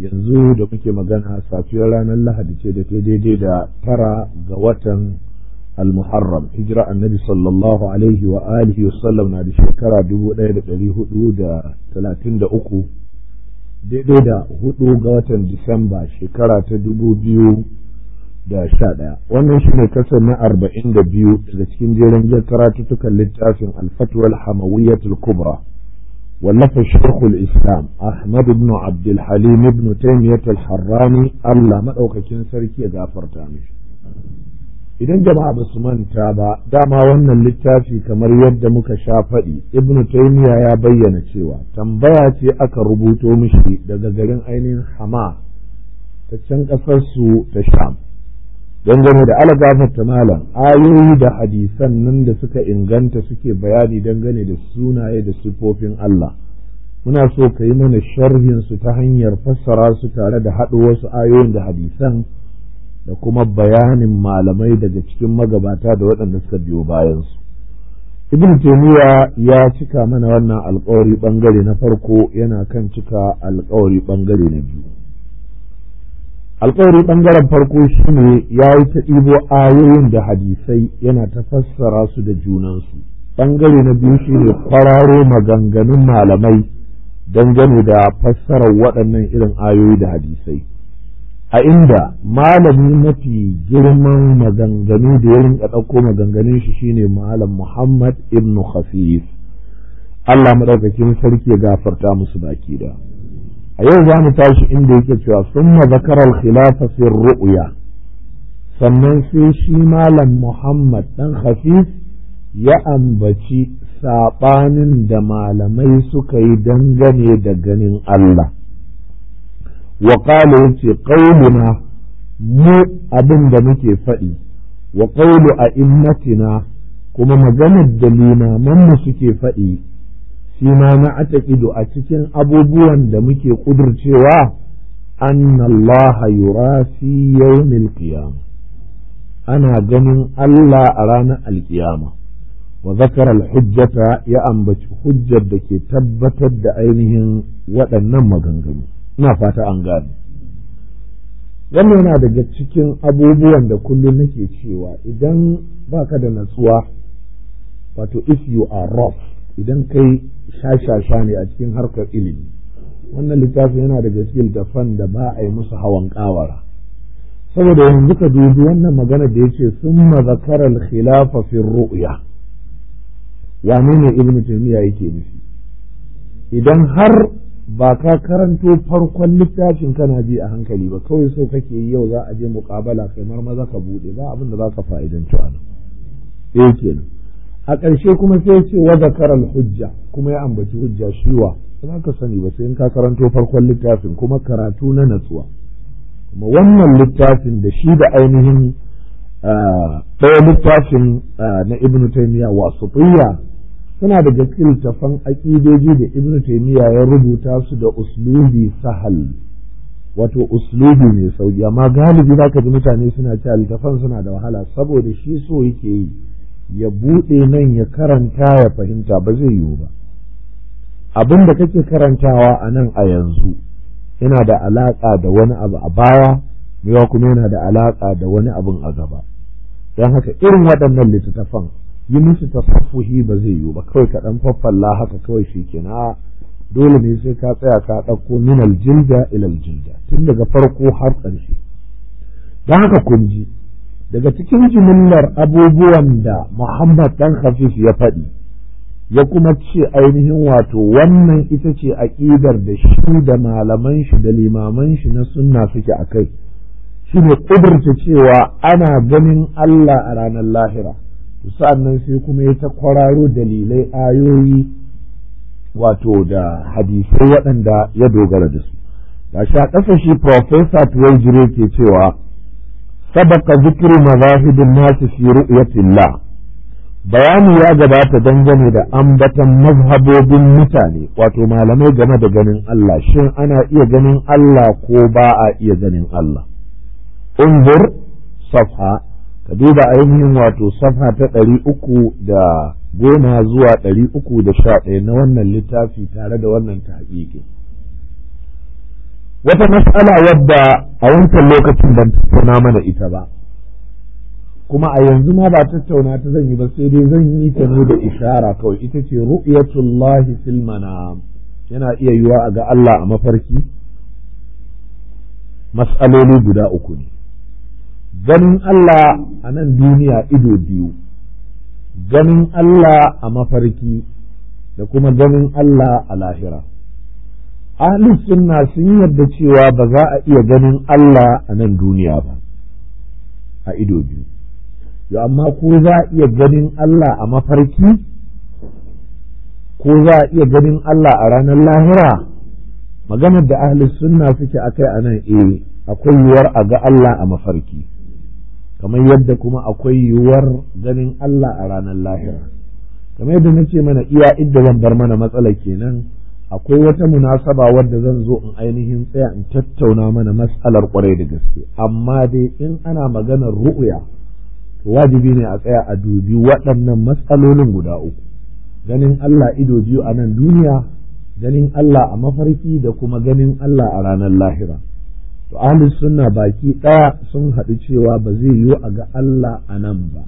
yanzu da muke magana safiyar ranar lahadi ce da ta daidai da tara ga watan al-muharram hijira annabi sallallahu alaihi wa alihi wasallam na da shekara uku daidai da hudu ga watan disamba shekara ta 2011 wannan shi ne kasar na arba'in da biyu daga cikin jerin jin karatuttukan littafin al-fatwa al-hamawiyyatul kubra ولف شيخ الإسلام أحمد بن عبد الحليم بن allah الحراني sarki مدوكاكين سركي غافر تامش idan jama'a ba su manta ba dama wannan littafi kamar yadda muka sha faɗi ibn taymiya ya bayyana cewa tambaya ce aka rubuta mishi daga garin ainihin hama ta can ƙasar su ta sham dangane da algafar ta malam ayoyi da hadisan nan da suka inganta suke bayani dangane da sunaye da siffofin Allah muna so ka yi mana sharhin su ta hanyar fassara su tare da haɗo wasu ayoyin da hadisan da kuma bayanin malamai daga cikin magabata da waɗanda suka biyo bayansu ibn taymiya ya cika mana wannan alƙawari ɓangare na farko yana kan cika alƙawari ɓangare na biyu alƙawari ɓangaren farko shine ya yi ta ɗibo ayoyin da hadisai yana ta fassara su da junansu ɓangare na biyu shine kwararo maganganun malamai dangane da fassarar waɗannan irin ayoyi da hadisai a inda malami mafi girman maganganu da ya rinka ɗauko maganganun shi shine malam Muhammad ibn Khafif Allah madaukakin sarki ya gafarta musu baki da a yau za mu tashi inda yake cewa sun mazakarar khilafa sun ru'ya sannan sai shi malam Muhammad dan Hafiz ya ambaci saɓanin da malamai suka yi dangane da ganin Allah wa qala ƙaulu na mu abin da muke faɗi wa a immatina kuma maganar da limamanmu suke faɗi shi ma na ido a cikin abubuwan da muke ƙudurcewa annallaha Allah yurasi yawmil qiyama ana ganin Allah a ranar alkiyama wa zakara hujjata ya ambaci hujjar da ke tabbatar da ainihin waɗannan maganganu ina fata an gane wannan yana daga cikin abubuwan da kullum nake cewa idan baka da natsuwa wato if you are rough idan kai shashasha ne a cikin harkar ilimi wannan littafi yana daga cikin littafan da ba a yi musu hawan kawara saboda yanzu ka dubi wannan magana da yace ce sun al-khilafa fi ru'ya ya ne ibn tumiya yake nufi idan har ba ka karanto farkon littafin kana ji a hankali ba kawai so kake yi yau za a je muƙabala kai marmaza ka buɗe ba abin da za ka fa'idantu a nan eh kenan a ƙarshe kuma sai ce wa karal hujja kuma ya ambaci hujja shiwa za ka sani ba sai in ka karanto farkon littafin kuma karatu na natsuwa kuma wannan littafin da shi da ainihin ɗaya littafin na ibnu taymiya wasitiyya suna da cikin littafan aƙidoji da ibnu taymiya ya rubuta su da uslubi sahal wato uslubi mai sauki amma galibi zaka ji mutane suna cewa littafan suna da wahala saboda shi so yake yi ya buɗe nan ya karanta ya fahimta ba zai yiwu ba abin da kake karantawa a nan a yanzu yana da alaƙa da wani abu a baya mewa kuma yana da alaƙa da wani abin a gaba don haka irin waɗannan littattafan yi musu tasaffuhi ba zai yiwu ba kawai kaɗan ɗan faffalla haka kawai shi kenan dole ne sai ka tsaya ka ɗauko min aljilda ila aljilda tun daga farko har ƙarshe don haka kun ji daga cikin jimillar abubuwan da Muhammad Dan Hafiz ya faɗi ya kuma ce ainihin wato wannan ita ce aƙidar da shi da malaman shi da limaman shi na sunna suke a kai shi ne ƙudurta cewa ana ganin Allah a ranar lahira sa'annan sai kuma ya ta kwararo dalilai ayoyi wato da hadisai waɗanda ya dogara da su gashi a ƙasa shi Profesa Tuwai Jire ke cewa سبق ذكر مذاهب الناس في رؤية الله bayani ya gabata dangane da ambatan mazhabobin mutane wato malamai game da ganin Allah shin ana iya ganin Allah ko ba a iya ganin Allah unzur safha ka duba ainihin wato safha ta ɗari uku da goma zuwa ɗari uku da sha ɗaya na wannan littafi tare da wannan tahqiqin wata matsala wadda a wancan lokacin ban tattauna mana ita ba kuma a yanzu ma ba tattauna ta zan yi ba sai dai zan yi ta ne da ishara kawai ita ce ru'yatullahi fil manam yana iya yiwa a ga Allah a mafarki mas'aloli guda uku ne ganin Allah a nan duniya ido biyu ganin Allah a mafarki da kuma ganin Allah a lahira ahlus sunna sun yadda cewa ba za a iya ganin Allah a nan duniya ba a ido biyu yo amma ko za a iya ganin Allah a mafarki ko za a iya ganin Allah a ranar lahira maganar da ahlus sunna suke akai a nan eh akwai yiwuwar a ga Allah a mafarki kamar yadda kuma akwai yiwuwar ganin Allah a ranar lahira kamar yadda nace mana iya idda zan bar mana matsala kenan akwai wata munasaba wadda zan zo in ainihin tsaya in tattauna mana mas'alar kwarai da gaske amma dai in ana maganar ru'uya to wajibi ne a tsaya a dubi waɗannan matsalolin guda uku ganin Allah ido biyu a nan duniya ganin Allah a mafarki da kuma ganin Allah a ranar lahira to ahlus sunna baki ɗaya sun haɗu cewa ba zai yiwu a ga Allah a nan ba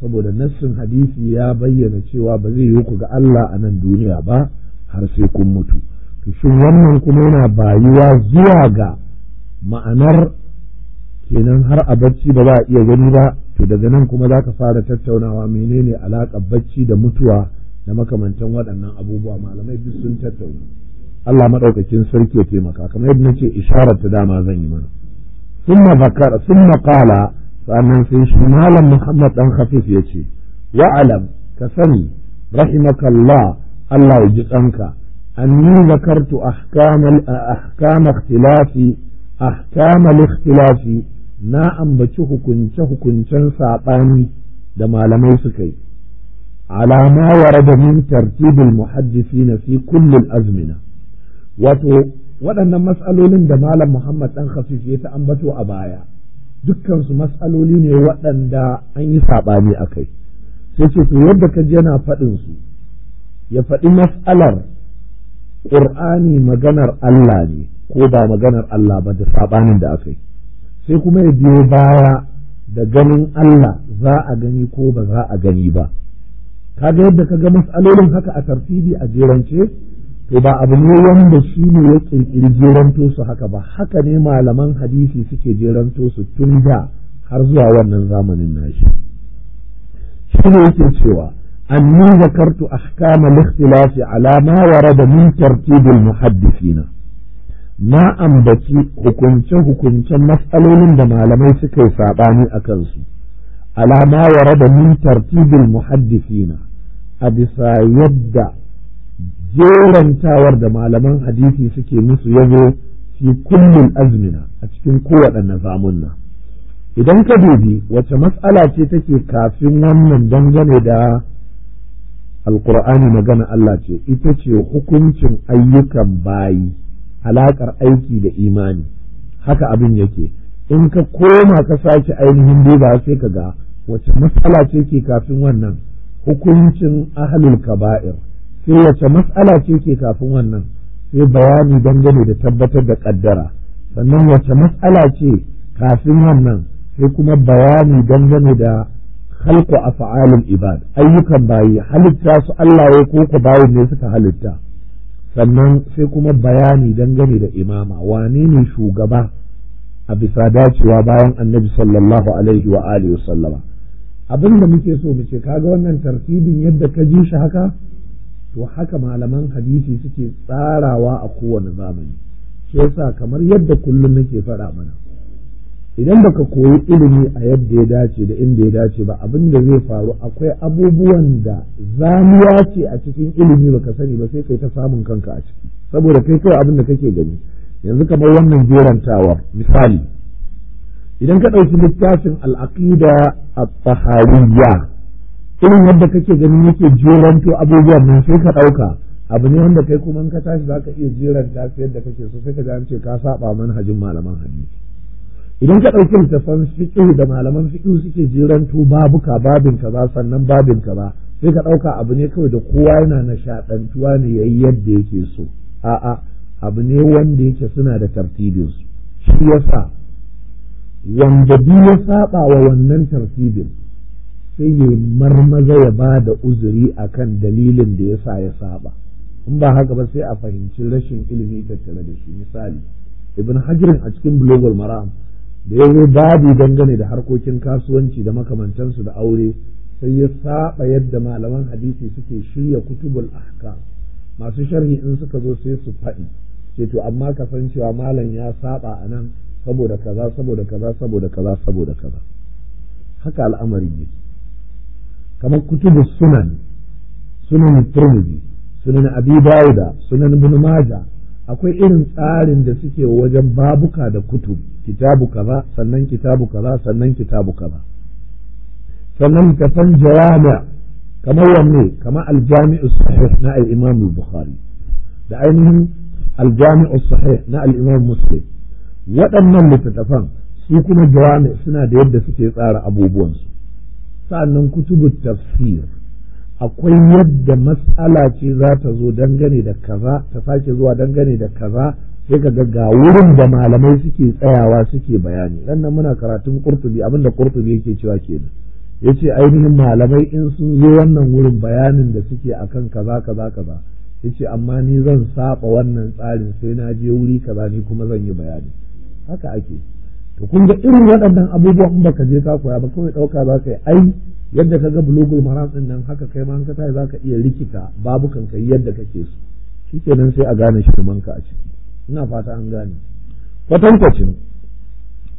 saboda nassin hadisi ya bayyana cewa ba zai yiwu ku ga Allah a nan duniya ba har sai kun mutu to shin wannan kuma yana bayuwa zuwa ga ma'anar kenan har a bacci ba za a iya gani ba to daga nan kuma za ka fara tattaunawa menene alaƙar bacci da mutuwa da makamantan waɗannan abubuwa malamai duk sun tattauna Allah maɗaukakin sarki ya taimaka kamar yadda nace isharar ta dama zan yi mana summa zakara summa qala sannan sai shi malam Muhammad dan Hafiz yace wa'alam ka sani rahimakallah Allah ya ji tsanka anni zakartu ahkamal ahkam ikhtilafi na ambaci hukunce hukuncen saɓani da malamai suka yi ala ma warada min tartibul na fi kullum azmina wato waɗannan matsalolin da malam Muhammad ɗan Khafif ya ta ambato a baya dukansu matsaloli ne waɗanda an yi saɓani a kai sai ce to yadda ka ji yana faɗin su ya faɗi mas'alar ƙur'ani maganar Allah ne ko ba maganar Allah ba da saɓanin da aka yi sai kuma ya biyo baya da ganin Allah za a gani ko ba za a gani ba Ka ga yadda ka ga mas'alolin haka a tartibi a jerance to ba abu ne wanda shi ne ya ƙirƙiri jeranto su haka ba haka ne malaman hadisi suke jeranto su tun da har zuwa wannan zamanin nashi shi ne yake cewa أني ذكرت أحكام الاختلاف على ما ورد من ترتيب المحدثين na ambaci hukunce-hukuncen matsalolin da malamai suka yi saɓani a kansu, alama ware da min tartibin muhaddisina a bisa yadda jerantawar da malaman hadisi suke musu yazo fi kullum azmina a cikin kowaɗanne zamunna. Idan ka dubi wace matsala ce take kafin wannan dangane da alqur'ani magana Allah ce ita ce hukuncin ayyukan bayi alaƙar aiki da imani haka abin yake in ka koma ka sake ainihin duba sai ka ga wace matsala ce ke kafin wannan hukuncin ahlul kaba'ir sai wace matsala ce ke kafin wannan sai bayani dangane da tabbatar da kaddara sannan wace matsala ce kafin wannan sai kuma bayani dangane da khalqu af'alil ibad ayyukan bayi halitta su Allah ya ko ku ne suka halitta sannan sai kuma bayani dangane da imama wane ne shugaba a bisa dacewa bayan annabi sallallahu alaihi wa alihi wa sallama abin da muke so mu ce kaga wannan tartibin yadda ka ji shi haka to haka malaman hadisi suke tsarawa a kowane zamani shi yasa kamar yadda kullum nake faɗa mana idan baka koyi ilimi a yadda ya dace da inda ya dace ba abin da zai faru akwai abubuwan da zamuwa ce a cikin ilimi baka sani ba sai kai ta samun kanka a ciki saboda kai kawai abin da kake gani yanzu kamar wannan jerantawa misali idan ka ɗauki littafin al'aqida at-tahawiyya irin yadda kake ganin yake jeranto abubuwan nan sai ka ɗauka abu ne wanda kai kuma in ka tashi zaka iya jeranta yadda kake so sai ka ji an ce ka saba manhajin malaman hadisi idan ka ɗauki littattafan fiƙihu da malaman fiƙihu suke jiranto ka babin ba sannan babin ba, sai ka ɗauka abu ne kawai da kowa yana nishaɗantuwa ne yayi yadda yake so a'a abu ne wanda yake suna da tartibin su shi yasa wanda biyu ya saba wa wannan tartibin sai ya marmaza ya ba da uzuri a kan dalilin da yasa ya saɓa, in ba haka ba sai a fahimci rashin ilimi tattare da shi misali ibn hajirin a cikin global maram da ya zo babi dangane da harkokin kasuwanci da makamantansu da aure sai ya saba yadda malaman hadisi suke shirya kutubul ahkam masu sharhi in suka zo sai su faɗi ce to amma ka san cewa malam ya saba a nan saboda kaza saboda kaza saboda kaza saboda kaza haka al'amari ne kamar kutubu sunan sunan turmudi sunan abi sunan ibn majah akwai irin tsarin da suke wajen babuka da kutub kitabu kaza sannan kitabu kaza sannan kitabu kaza sannan ka san jawami kamar wanne kamar aljami'u sahih na al-imam al-bukhari da ainihin aljami'u sahih na al-imam muslim waɗannan littattafan su kuma jawami suna da yadda suke tsara abubuwansu sa'annan kutubu tafsir akwai yadda matsala ce za ta zo dangane da kaza ta sake zuwa dangane da kaza sai ka ga wurin da malamai suke tsayawa suke bayani nan muna karatun kurtubi abinda kurtubi yake cewa kenan yace ainihin malamai in sun zo wannan wurin bayanin da suke akan kaza kaza kaza yace amma ni zan saba wannan tsarin sai na je wuri kaza ni kuma zan yi bayani haka ake to kun ga irin waɗannan abubuwan in baka je ka koya ba kawai ɗauka za ka yi ai yadda ka ga bulugul maram nan haka kai ma ka tayi za ka iya rikita babukan kai yadda kake so nan sai a gane ka a ciki ina fata an gane kwatankwacin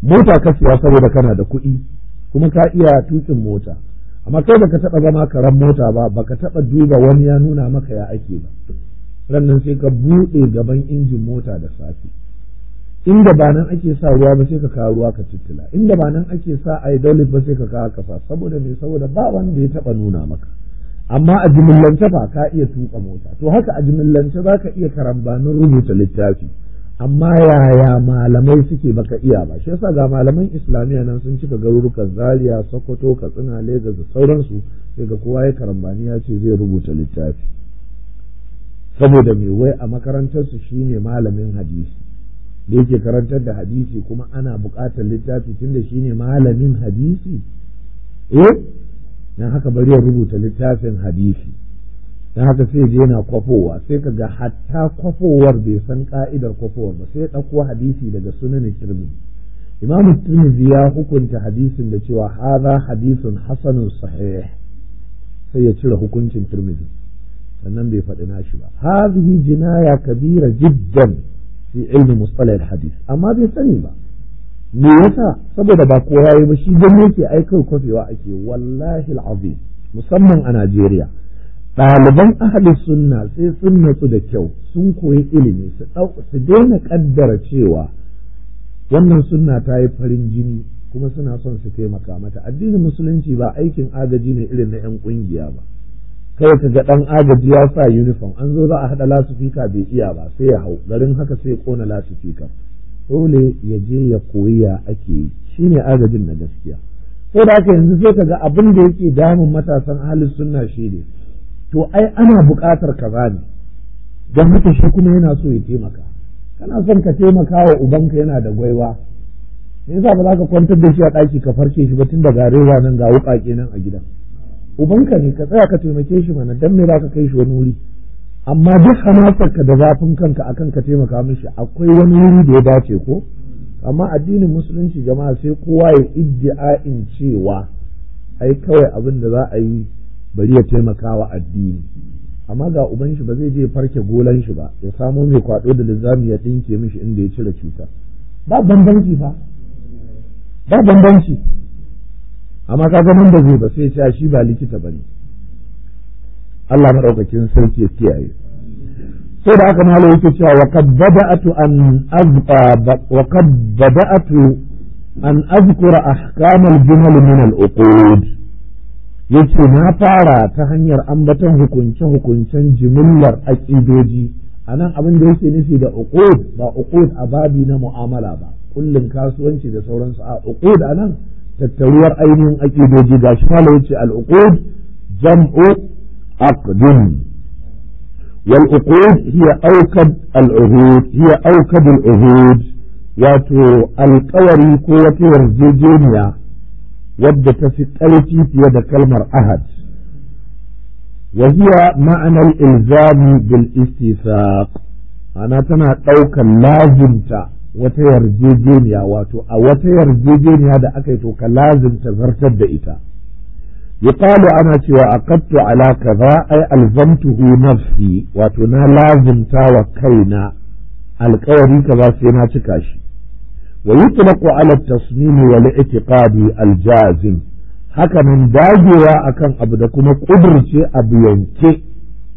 mota ka siya saboda kana da kuɗi kuma ka iya tukin mota amma kai baka taɓa zama karen mota ba baka taɓa duba wani ya nuna maka ya ake ba rannan sai ka buɗe gaban injin mota da safe inda ba nan ake sa ruwa ba sai ka kawo ruwa ka tuttula inda ba nan ake sa idolic ba sai ka kawo kasa saboda me saboda ba wanda ya taɓa nuna maka amma a jimillance ba ka iya tuka mota to haka a jimillance za ka iya karambanin rubuta littafi amma yaya malamai suke baka iya ba shi yasa ga malaman islamiyya nan sun cika garurukan zaria sokoto katsina lagos da sauransu sai ga kowa ya karambani ya ce zai rubuta littafi saboda me wai a makarantarsu shine malamin hadisi da yake karantar da hadisi kuma ana buƙatar littafi tun da shi ne malamin hadisi eh dan haka bari ya rubuta littafin hadisi dan haka sai je yana kwafowa sai kaga hatta kwafowar bai san ka'idar kwafowar ba sai ya ɗauko hadisi daga sunan tirmidhi imamu tirmidhi ya hukunta hadisin da cewa hadha hadisun hasanun sahih sai ya cire hukuncin tirmidhi sannan bai faɗi nashi ba hadhihi jinaya kabira jiddan fi ilmi mustalah hadis amma bai sani ba me yasa saboda ba kowa yayi ba shi gani yake aikar kwafewa ake wallahi alazim musamman a Najeriya ɗaliban ahli sunna sai sun natsu da kyau sun koyi ilimi su su daina kaddara cewa wannan sunna ta yi farin jini kuma suna son su taimaka mata addinin musulunci ba aikin agaji ne irin na 'yan ƙungiya ba kai ka ga dan agaji ya sa uniform an zo za a hada lasifika bai iya ba sai ya hau garin haka sai ya kona lasifika dole ya je ya koyi ya ake yi shine agajin na gaskiya sai da haka yanzu sai ka ga abin da yake damun matasan ahlus sunna ne to ai ana buƙatar ka bani don haka shi kuma yana so ya taimaka kana son ka taimaka wa ubanka yana da gwaiwa me yasa ba za ka kwantar da shi a ɗaki ka farke shi ba tun da garewa nan ga wuƙaƙe nan a gidan ubanka ne ka tsaya ka taimake shi mana dan me ka kai shi wani wuri amma duk hamasarka da zafin kanka akan ka taimaka mishi akwai wani wuri da ya dace ko amma addinin musulunci jama'a sai kowa ya iddi'a'in cewa ai kawai abin da za a yi bari ya taimaka wa addini amma ga uban shi ba zai je farke golan shi ba ya samo mai kwado da lizami ya dinke mishi inda ya cire cuta ba bambanci ba. ba bambanci amma kaga nan da zai ba sai ya shi ba likita bane Allah madaukakin sarki ya kiyaye sai da aka malo yake cewa wa qad bada'tu an azqa wa qad bada'tu an azkura ahkam al-jumal min al-uqud yace na fara ta hanyar ambaton hukunce hukuncen jimillar aqidoji anan abin da yake nufi da uqud ba uqud ababi na mu'amala ba kullun kasuwanci da sauransu a uqud anan تتوير أي من أكيد وجد أشهاله العقود جمع عقد والعقود هي أوكد العهود هي أوكد العهود ياتو القوري قوة ورزيجينيا ودى تفتلتي في يد كلمة أحد وهي معنى الإلزام بالاستيثاق أنا تنا توكا لازم wata yarjejeniya wato a wata yarjejeniya da aka yi to ka lazimta zartar da ita yuqalu ana cewa aqattu ala kaza ay alzamtuhu nafsi wato na lazimta wa kaina alkawari kaza sai na cika shi wa yutlaqu ala tasmimi wal i'tiqadi aljazim haka nan dagewa akan abu da kuma kudurce abu yanke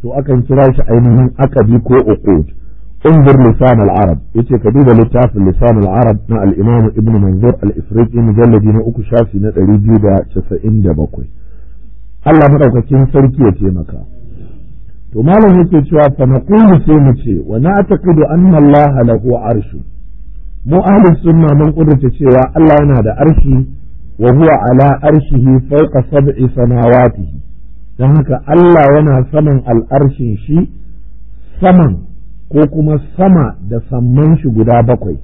to akan kira shi ainihin akadi ko uqud انظر لسان العرب يتي al لتاف لسان العرب مع الإمام ابن منظور الإفريقي مجلد نأك شافي نتري جيدا شفئين دبقوي الله مدوك كين سركي يتيمكا to malam yake cewa fa naqulu sai mu ce wa na'taqidu anna Allah lahu arshu mu ahlus sunna mun kudurta cewa Allah yana da arshi wa huwa ala arshihi fawqa sab'i dan haka Allah yana saman al'arshin shi saman ko kuma sama da samman shi guda bakwai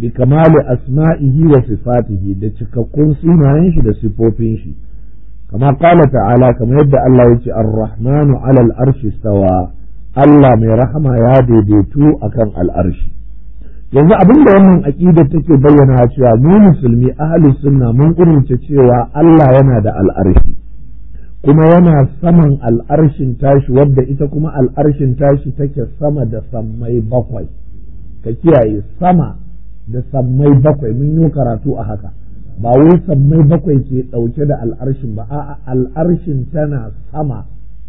bi kamali asma'ihi wa sifatihi da cikakkun sunayen shi da sifofin shi kama kala ta'ala kamar yadda Allah ya ce ar-rahmanu 'ala al-arshi stawa Allah mai rahama ya daidaito akan al'arshi yanzu abin da wannan aqida take bayyana cewa mu musulmi ahlus sunna mun kurince cewa Allah yana da al'arshi kuma yana saman al'arshin tashi wadda ita kuma al'arshin tashi take sama da sammai bakwai ka kiyaye sama da sammai bakwai mun yi karatu a haka ba wai sammai bakwai ke ɗauke da al'arshin ba a'a al'arshin tana sama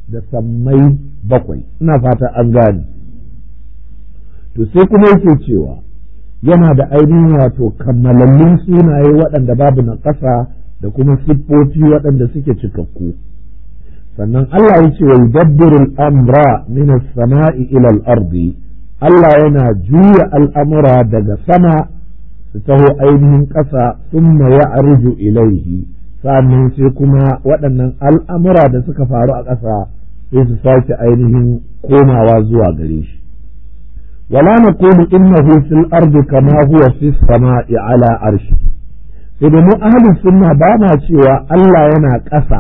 da sammai bakwai ina fata an gane to sai kuma yake cewa yana da ainihin wato kammalallun sunaye waɗanda babu na ƙasa da kuma siffofi waɗanda suke cikakku sannan Allah ya ce wa yudabbiru al-amra min as-sama'i ila al-ardi Allah yana juya al'amura daga sama su taho ainihin ƙasa thumma ya'ruju ilaihi sannan sai kuma waɗannan al'amura da suka faru a ƙasa sai su sake ainihin komawa zuwa gare shi wala naqulu innahu fil ardi kama huwa fis sama'i ala arshi idan mu ahlus sunna ba cewa Allah yana ƙasa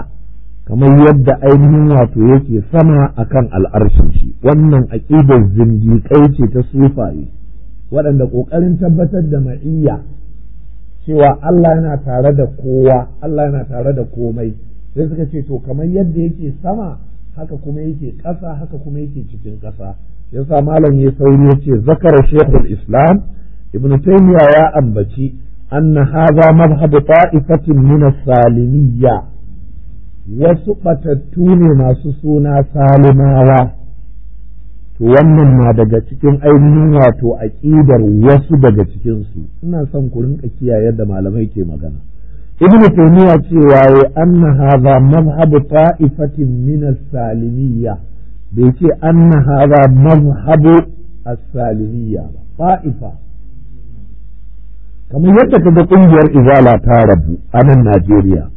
kamar yadda ainihin wato yake sama akan al'arshin shi wannan aqidar zindiƙai ce ta sufaye waɗanda ƙoƙarin tabbatar da ma'iyya cewa Allah yana tare da kowa Allah yana tare da komai sai suka ce to kamar yadda yake sama haka kuma yake ƙasa haka kuma yake cikin ƙasa yasa malam ya sauri ya ce zakara shekul islam ibn taymiya ya ambaci anna hadha madhhabu ta'ifatin min as-salimiyya wasu batattu ne masu suna salimawa to wannan na daga cikin ainihin wato aƙidar wasu daga cikinsu ina son ku rinka kiyaye da malamai ke magana ibnu taymiya cewa ya anna hadha mazhabu ta'ifatin min as-salimiyya bai ce anna hadha mazhabu as-salimiyya ba ta'ifa kamar yadda kaga kungiyar izala ta rabu a nan Najeriya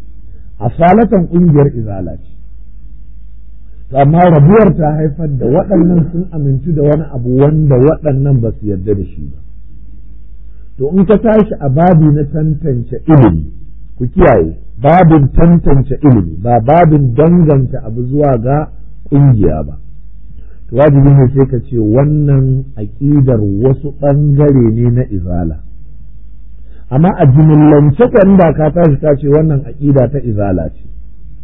asalatan ƙungiyar izala ce to amma rabuwar ta haifar da waɗannan sun amintu da wani abu wanda waɗannan ba su yarda da shi ba to in ka tashi a babi na tantance ilimi ku kiyaye babin tantance ilimi ba babin danganta abu zuwa ga ƙungiya ba to wajibi ne sai ka ce wannan aƙidar wasu ɓangare ne na izala amma a jimillance kan da ka tashi ta ce wannan aƙida ta izala ce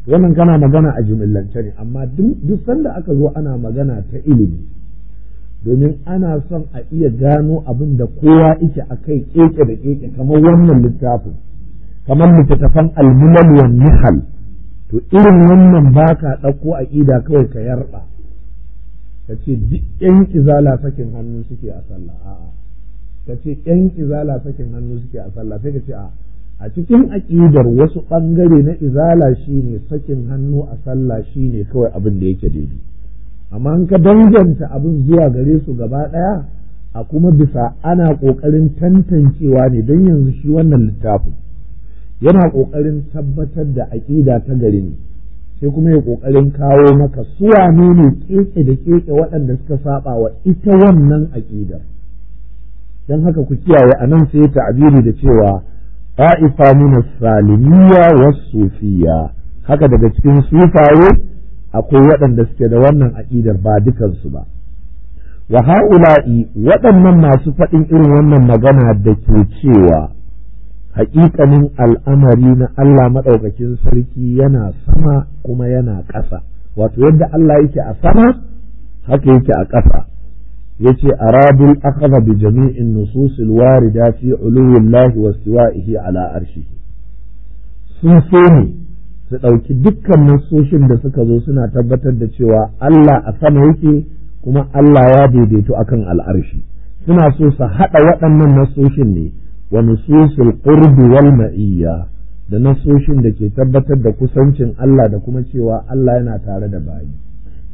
wannan kana magana a jimillance ne amma duk sanda aka zo ana magana ta ilimi domin ana son a iya gano abin da kowa yake a kai keke da keke kamar wannan littafin kamar littattafan almulal wa nihal to irin wannan baka ɗauko aƙida kawai ka yarda kace ce duk yan izala sakin hannu suke a sallah a'a ka ce ƴan izala sakin hannu suke a sallah sai ka ce a a cikin aƙidar wasu ɓangare na izala shine sakin hannu a sallah shine kawai abin da yake daidai amma an ka danganta abin zuwa gare su gaba ɗaya a kuma bisa ana ƙoƙarin tantancewa ne don yanzu shi wannan littafin yana ƙoƙarin tabbatar da aƙida ta gari ne sai kuma ya ƙoƙarin kawo maka suwa ne ne keke da keke waɗanda suka saba wa ita wannan aƙidar don haka ku kiyaye a nan sai ta'abiri da cewa ta'ifa min salimiyya wa sufiya haka daga cikin sufaye akwai waɗanda suke da wannan aƙidar ba dukansu ba wa ha'ula'i waɗannan masu faɗin irin wannan magana da ke cewa haƙiƙanin al'amari na Allah maɗaukakin sarki yana sama kuma yana ƙasa wato yadda Allah yake a sama haka yake a ƙasa yace arabul akhadha bi jami'in nusus alwarida fi uluwi Allah wa istiwa'ihi ala sun su ɗauki dukkan nasoshin da suka zo suna tabbatar da cewa Allah a sama yake kuma Allah ya daidaito akan al'arshi suna so su haɗa waɗannan nasoshin ne wa nususul qurbi wal ma'iyya da nasoshin da ke tabbatar da kusancin Allah da kuma cewa Allah yana tare da bayi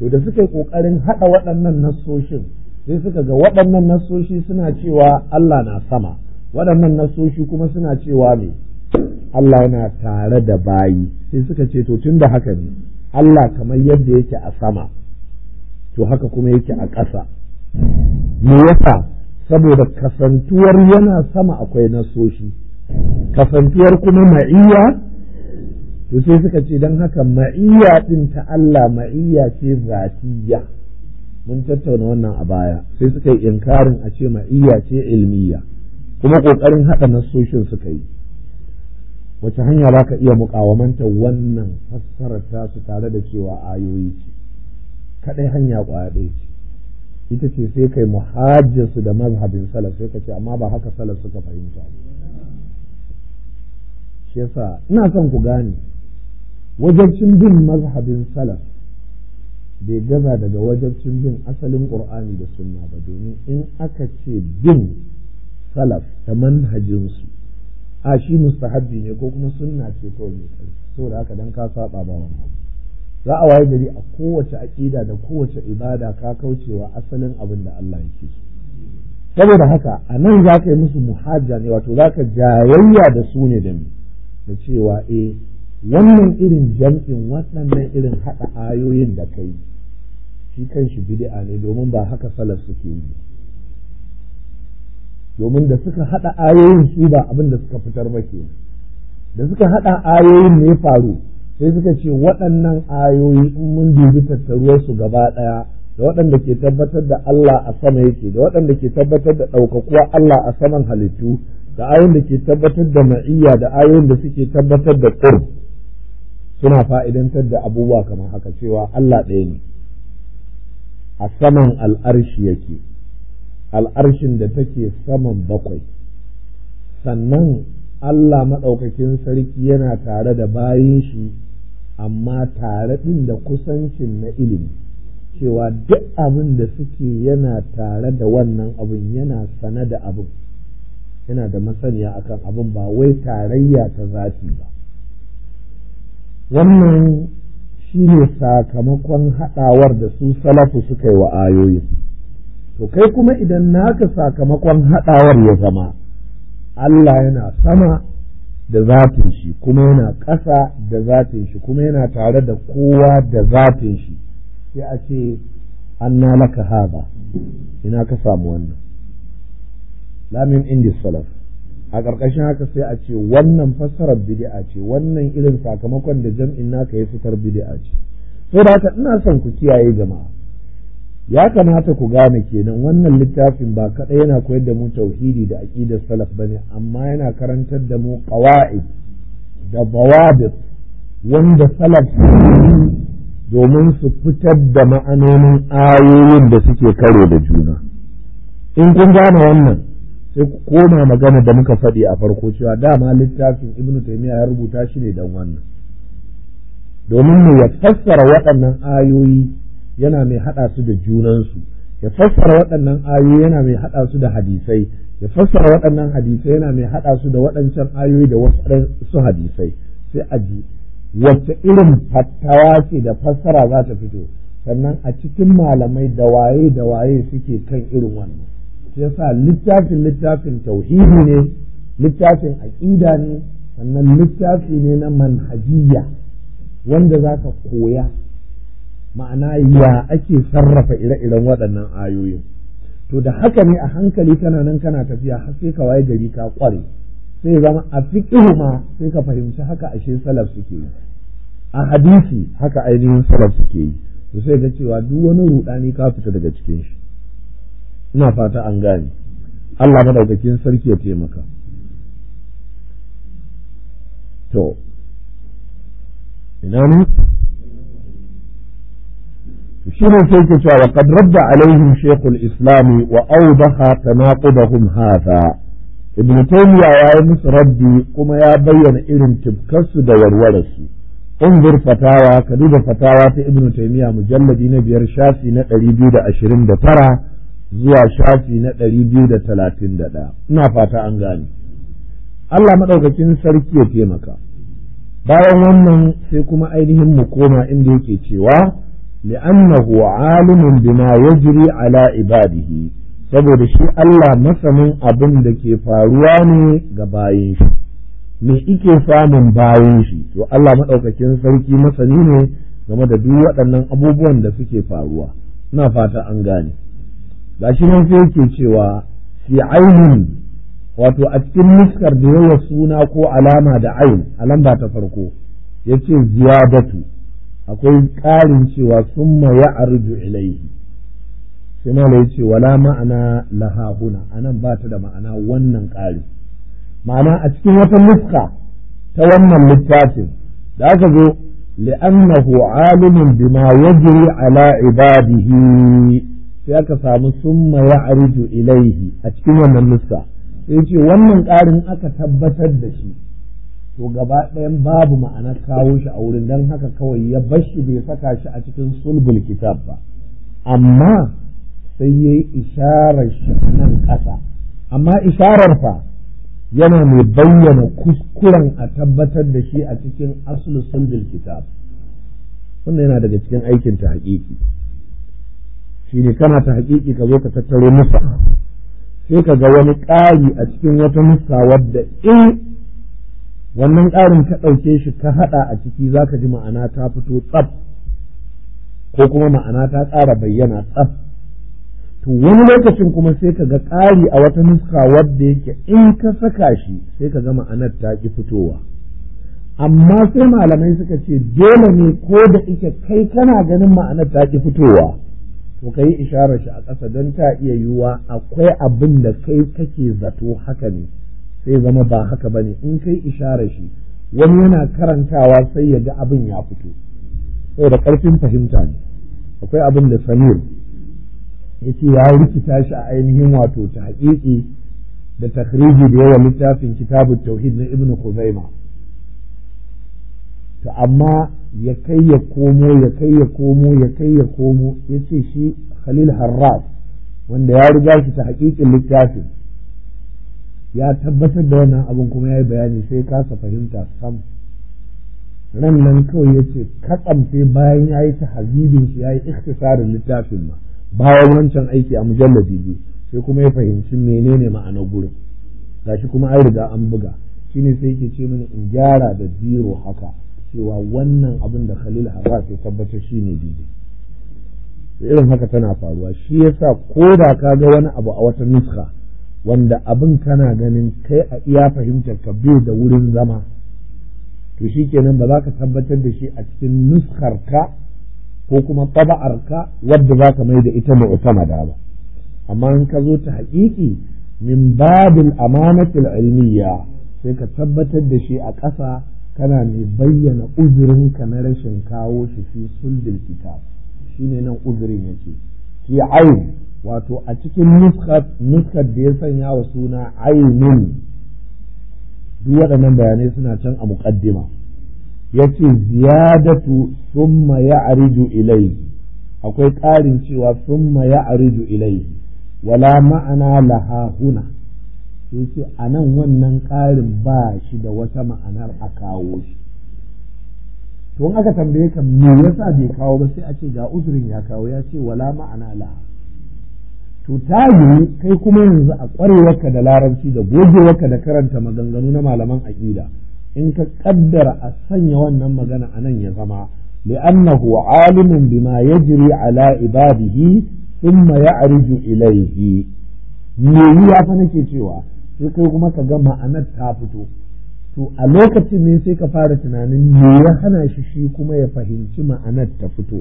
to da suke yi ƙoƙarin haɗa waɗannan nasoshin sai suka ga waɗannan nasoshi suna cewa Allah na sama waɗannan nasoshi kuma suna cewa ne Allah yana tare da bayi sai suka ce to tun da haka ne Allah kamar yadda yake a sama to haka kuma yake a ƙasa me yasa saboda kasantuwar yana sama akwai nasoshi kasantuwar kuma ma'iyya to sai suka ce don haka ma'iyya ɗin ta Allah ma'iyya ce zatiya mun tattauna wannan a baya sai suka yi inkarin a ce ma ma'iyya ce ilmiya kuma kokarin haɗa nasoshin suka yi wace hanya za ka iya muƙawamanta wannan fassarar su tare da cewa ayoyi ce kaɗai hanya ƙwaya ɗaya ce ita ce sai kai muhajjinsu da mazhabin salaf sai ka ce amma ba haka salaf suka fahimta shi yasa ina son ku gane wajen cin bin mazhabin salaf bai gaza daga wajabcin bin asalin ƙur'ani da sunna ba domin in aka ce bin salaf ta manhajinsu a shi mustahabbi ne ko kuma sunna ce kawai mai ƙarfi saboda haka dan ka saba ba wani za a waye gari a kowace aƙida da kowace ibada ka kaucewa asalin abin da Allah yake so saboda haka a nan za ka yi musu muhajja ne wato za ka jayayya da su ne da mu da cewa eh wannan irin jam'in waɗannan irin haɗa ayoyin da kai shi kanshi bidi'a ne domin ba haka salaf suke yi domin da suka haɗa ayoyin su ba abin da suka fitar ba ke da suka haɗa ayoyin ne faru sai suka ce waɗannan ayoyi in mun dubi tattaruwarsu gaba ɗaya da waɗanda ke tabbatar da Allah a sama yake da waɗanda ke tabbatar da ɗaukakuwa Allah a saman halittu da ayoyin da ke tabbatar da ma'iyya da ayoyin da suke tabbatar da qurb suna fa'idantar da abubuwa kamar haka cewa Allah ɗaya ne a saman al'arshi yake al'arshin da take saman bakwai sannan Allah maɗaukakin sarki yana tare da bayin shi amma tare ɗin da kusancin na ilimi cewa duk abin da suke yana tare da wannan abin yana sane da abin yana da masaniya akan abin ba wai tarayya ta zafi ba wannan shi ne sakamakon haɗawar da su salafu suka yi wa ayoyin to kai kuma idan naka sakamakon haɗawar ya zama Allah yana sama da zafin shi kuma yana ƙasa da zafin shi kuma yana tare da kowa da zafin shi sai a ce an laka haza ina ka samu wannan lamin indis salaf a ƙarƙashin haka sai a ce wannan fassarar bid'a ce wannan irin sakamakon da jam'in naka ya fitar bid'a ce da haka ina son ku kiyaye jama'a ya kamata ku gane kenan wannan littafin ba kaɗai yana koyar da mu tauhidi da aqidar salaf bane amma yana karantar da mu qawaid da bawabit wanda salaf domin su fitar da ma'anonin ayoyin da suke karo da juna in kun gane wannan sai ku koma magana da muka faɗi a farko cewa dama littafin ibnu taimiyya ya rubuta shi ne dan wannan domin mu ya fassara waɗannan ayoyi yana mai haɗa su da junansu ya fassara waɗannan ayoyi yana mai haɗa su da hadisai ya fassara waɗannan hadisai yana mai haɗa su da waɗancan ayoyi da wasu hadisai sai a ji wacce irin fattawa ce da fassara za ta fito sannan a cikin malamai da waye da waye suke kan irin wannan shi yasa littafin littafin tauhidi ne littafin aƙida ne sannan littafi ne na manhajiyya wanda za ka koya ma'ana ya ake sarrafa ire-iren waɗannan ayoyin to da haka ne a hankali kana nan kana tafiya har sai ka waye gari ka ƙware sai zama a fiƙihu ma sai ka fahimci haka ashe salaf suke yi a hadisi haka ainihin salaf suke yi to sai ga cewa duk wani ruɗani ka fita daga cikin shi ina fata an gane Allah madaukakin sarki ya taimaka to ina ne shi ne sai ke cewa qad radda alaihim shaykhul islam wa awdaha tanaqudahum hadha ibnu taymiya ya yi musu rabbi kuma ya bayyana irin tibkarsu da warwararsu انظر فتاوى كذب فتاوى ابن تيمية مجلد نبير شافي da بيد da tara. zuwa shafi na ɗari biyu da talatin da ɗaya ina fata an gane Allah maɗaukakin sarki ya taimaka bayan wannan sai kuma ainihin mu koma inda yake cewa li'annahu alimun bima yajri ala ibadihi saboda shi Allah masanin abin da ke faruwa ne ga bayan shi me ike samun bayan shi to Allah maɗaukakin sarki masani ne game da duk waɗannan abubuwan da suke faruwa ina fata an gane gashi nan sai yake cewa fi ainin wato a cikin muskar da yawa suna ko alama da ain a lamba ta farko ya ce ziyadatu akwai ƙarin cewa summa ya arju ilaihi sai mala ce wala ma'ana lahahuna anan ba ta da ma'ana wannan ƙari ma'ana a cikin wata muska ta wannan littafin da aka zo li'annahu alimin bima yajri ala ibadihi sai aka samu summa ya arju ilaihi a cikin wannan nuska sai ce wannan ƙarin aka tabbatar da shi to gaba ɗayan babu ma'anar kawo shi a wurin don haka kawai ya bashi bai saka shi a cikin sulbul kitab ba amma sai ya yi isharar shi nan ƙasa amma isharar fa yana mai bayyana kuskuren a tabbatar da shi a cikin aslu sulbul kitab wannan yana daga cikin aikin ta hakiki shi ne kana ta haƙiƙi ka zo ka tattaro musa sai ka ga wani ƙari a cikin wata musa wadda in wannan ƙarin ka ɗauke shi ka haɗa a ciki za ka ji ma'ana ta fito tsaf ko kuma ma'ana ta ƙara bayyana tsaf to wani lokacin kuma sai ka ga ƙari a wata nuska wadda yake in ka saka shi sai ka ga ma'anar ta ƙi fitowa amma sai malamai suka ce dole ne ko da ike kai kana ganin ma'anar ta ƙi fitowa to yi isharar shi a ƙasa don ta iya yiwuwa akwai abin da kai kake zato haka ne sai zama ba haka ba ne in kai isharar shi wani yana karantawa sai ya ga abin ya fito saboda ƙarfin fahimta ne akwai abin da samir ya ce ya rikita shi a ainihin wato ta haƙiƙi da takriji da yawan littafin kitabun tauhid na ibnu kuzaima to amma ya kai ya komo ya kai ya komo ya kai ya komo ya ce shi khalil harraf wanda ya riga shi ta hakikin littafin ya tabbatar da wannan abin kuma ya yi bayani sai kasa fahimta sam ran nan kawai ya ce katsamfe bayan ya yi ta hazibin shi ya yi ikhtisarin littafin ma bayan wancan aiki a mujalladi biyu sai kuma ya fahimci menene ma'anar gurin gashi kuma an riga an buga shine sai yake ce mini in gyara da biro haka cewa wannan abin da Khalil Harras ya tabbatar shi ne da irin haka tana faruwa shi yasa ko da ka ga wani abu a wata nuska wanda abin kana ganin kai a iya fahimtar ka bai da wurin zama to shi kenan ba za ka tabbatar da shi a cikin nuskar ka ko kuma taba'ar ka wadda za ka mai da ita da ba amma in ka zo ta haƙiƙi min babin amanatul ilmiya sai ka tabbatar da shi a ƙasa kana mai bayyana ka na rashin kawo shi fi sulbil kitab shine nan uzurin yake fi ayn wato a cikin nuskat da ya sanya wa suna ainun duk waɗannan bayanai suna can a muqaddima yace ziyadatu thumma ya'riju ilayhi akwai ƙarin cewa thumma ya'riju ilayhi wala ma'ana laha huna yace a nan wannan ƙarin ba shi da wata ma'anar a kawo shi to in aka tambaye ka me yasa bai kawo ba sai a ce ga uzurin ya kawo ya ce wala ma'ana la to ta kai kuma yanzu a ƙwarewarka da larabci da gogewarka da karanta maganganu na malaman aƙida in ka kaddara a sanya wannan magana a nan ya zama li'annahu alimun bima yajri ala ibadihi thumma ya'riju ilayhi me ya fa nake cewa sai kai kuma ka ga ma'anar ta fito to a lokacin ne sai ka fara tunanin me ya hana shi shi kuma ya fahimci ma'anar ta fito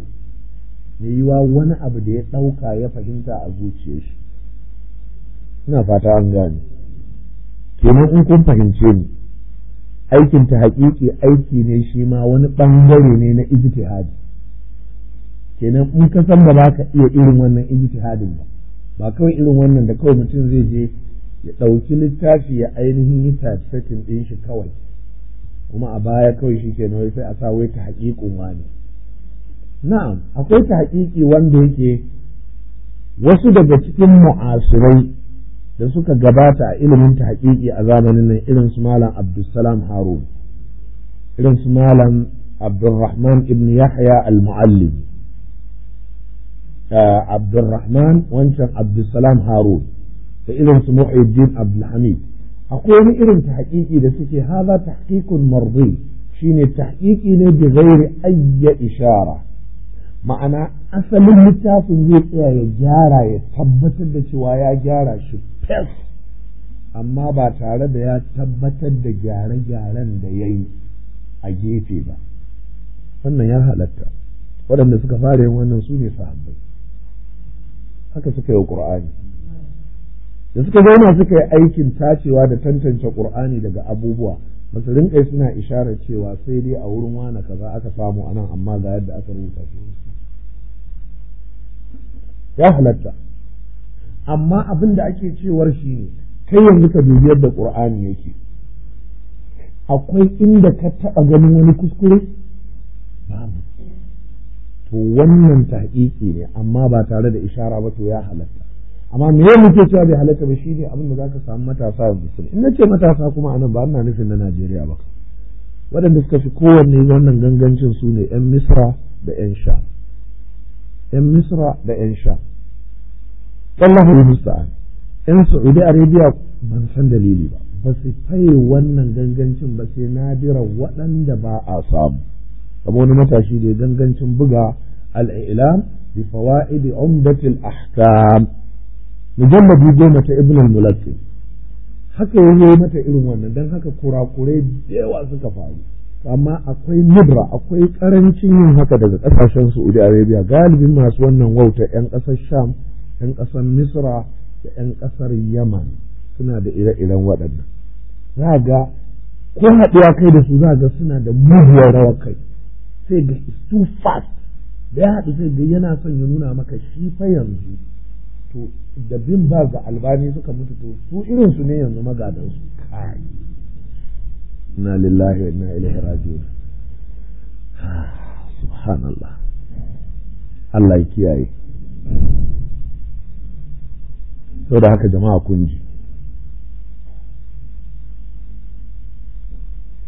me yiwa wani abu da ya ɗauka ya fahimta a zuciyar shi ina fata an gane kenan in kun fahimce ni aikin ta haƙiƙi aiki ne shi ma wani ɓangare ne na ijtihadi kenan in ka san ba ka iya irin wannan ijtihadin ba ba kawai irin wannan da kawai mutum zai je ya ɗauki littafi ya ainihin yi typesetting ɗin shi kawai kuma a baya kawai shi ke sai a sa wai ta haƙiƙin wani na'am akwai ta haƙiƙi wanda yake wasu daga cikin mu'asirai da suka gabata a ilimin ta haƙiƙi a zamanin nan irin su malam abdulsalam harun irin su malam abdulrahman ibn yahya al-muallim ah, abdulrahman wancan abdulsalam harun da irin su abdul Abdulhamid akwai wani irin tahqiqi da suke haza tahqiqun mardi shine tahqiqi ne bi ghairi ayya ishara ma'ana asalin littafin zai tsaya ya gyara ya tabbatar da cewa ya gyara shi fes amma ba tare da ya tabbatar da gyare-gyaren da ya yi a gefe ba wannan ya halatta waɗanda suka fara yin wannan su ne sahabbai haka suka yi ƙur'ani da suka zauna suka yi aikin tacewa da tantance qur'ani daga abubuwa basu suna ishara cewa sai dai a wurin wani kaza aka samu anan amma ga yadda aka rubuta shi ya halatta amma abin da ake cewar shi ne kai yanzu ka dubi yadda qur'ani yake akwai inda ka taɓa ganin wani kuskure babu to wannan tahqiqi ne amma ba tare da ishara ba to ya halatta amma me muke cewa bai halatta ba shine abin da ka samu matasa a sun in nace matasa kuma anan ba ana nufin na Najeriya ba waɗanda suka fi kowanne wannan gangancin su ne yan Misra da yan Sha yan Misra da yan Sha Allahu musta'an yan Saudi Arabia ban san dalili ba ba su faye wannan gangancin ba sai nadira waɗanda ba a samu kamar wani matashi da gangancin buga al-ilam bi fawaidi umdatil ahkam mujalladi goma ta ibn al-mulaqqi haka ya yi mata irin wannan dan haka kurakurai da yawa suka faru amma akwai nibra akwai karancin yin haka daga kasashen saudi arabia galibin masu wannan wauta yan kasar sham yan kasar misra da yan kasar yaman suna da ire-iren waɗannan za ga ko haɗuwa kai da su za ga suna da muguwar rawa kai sai ga too fast da ya haɗu sai ga yana son ya nuna maka shi fa yanzu da bin ba ga albani suka mutu to su irin su ne yanzu magadan su kai na lillahi wa inna ilaihi raji'un subhanallah Allah ya kiyaye saboda haka jama'a kun ji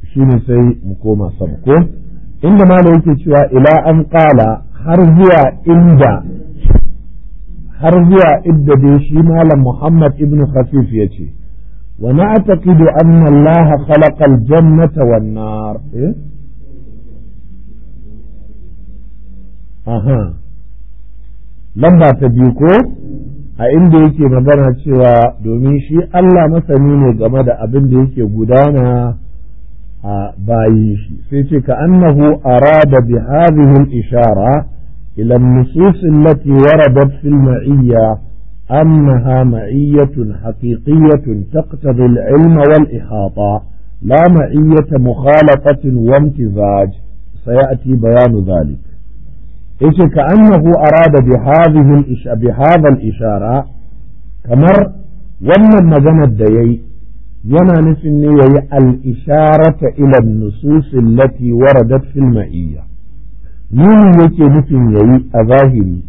shine sai mu koma sabko inda malam yake cewa ila an qala har zuwa inda har zuwa idda dai shi malam Muhammad ibn Khafif ya ce wa na'taqidu anna Allah khalaqa jannata wan eh? aha lamba ta biyu ko a inda yake magana cewa domin shi Allah masani ne game da abin da yake gudana a bayi shi sai ce ka annahu arada bi hadhihi al-ishara إلى النصوص التي وردت في المعية أنها معية حقيقية تقتضي العلم والإحاطة لا معية مخالطة وامتزاج سيأتي بيان ذلك إذ كأنه أراد بهذه بهذا الإشارة كمر ومن maganar da ya yi الإشارة إلى النصوص التي وردت في ilan nuni yake nufin yi a zahiri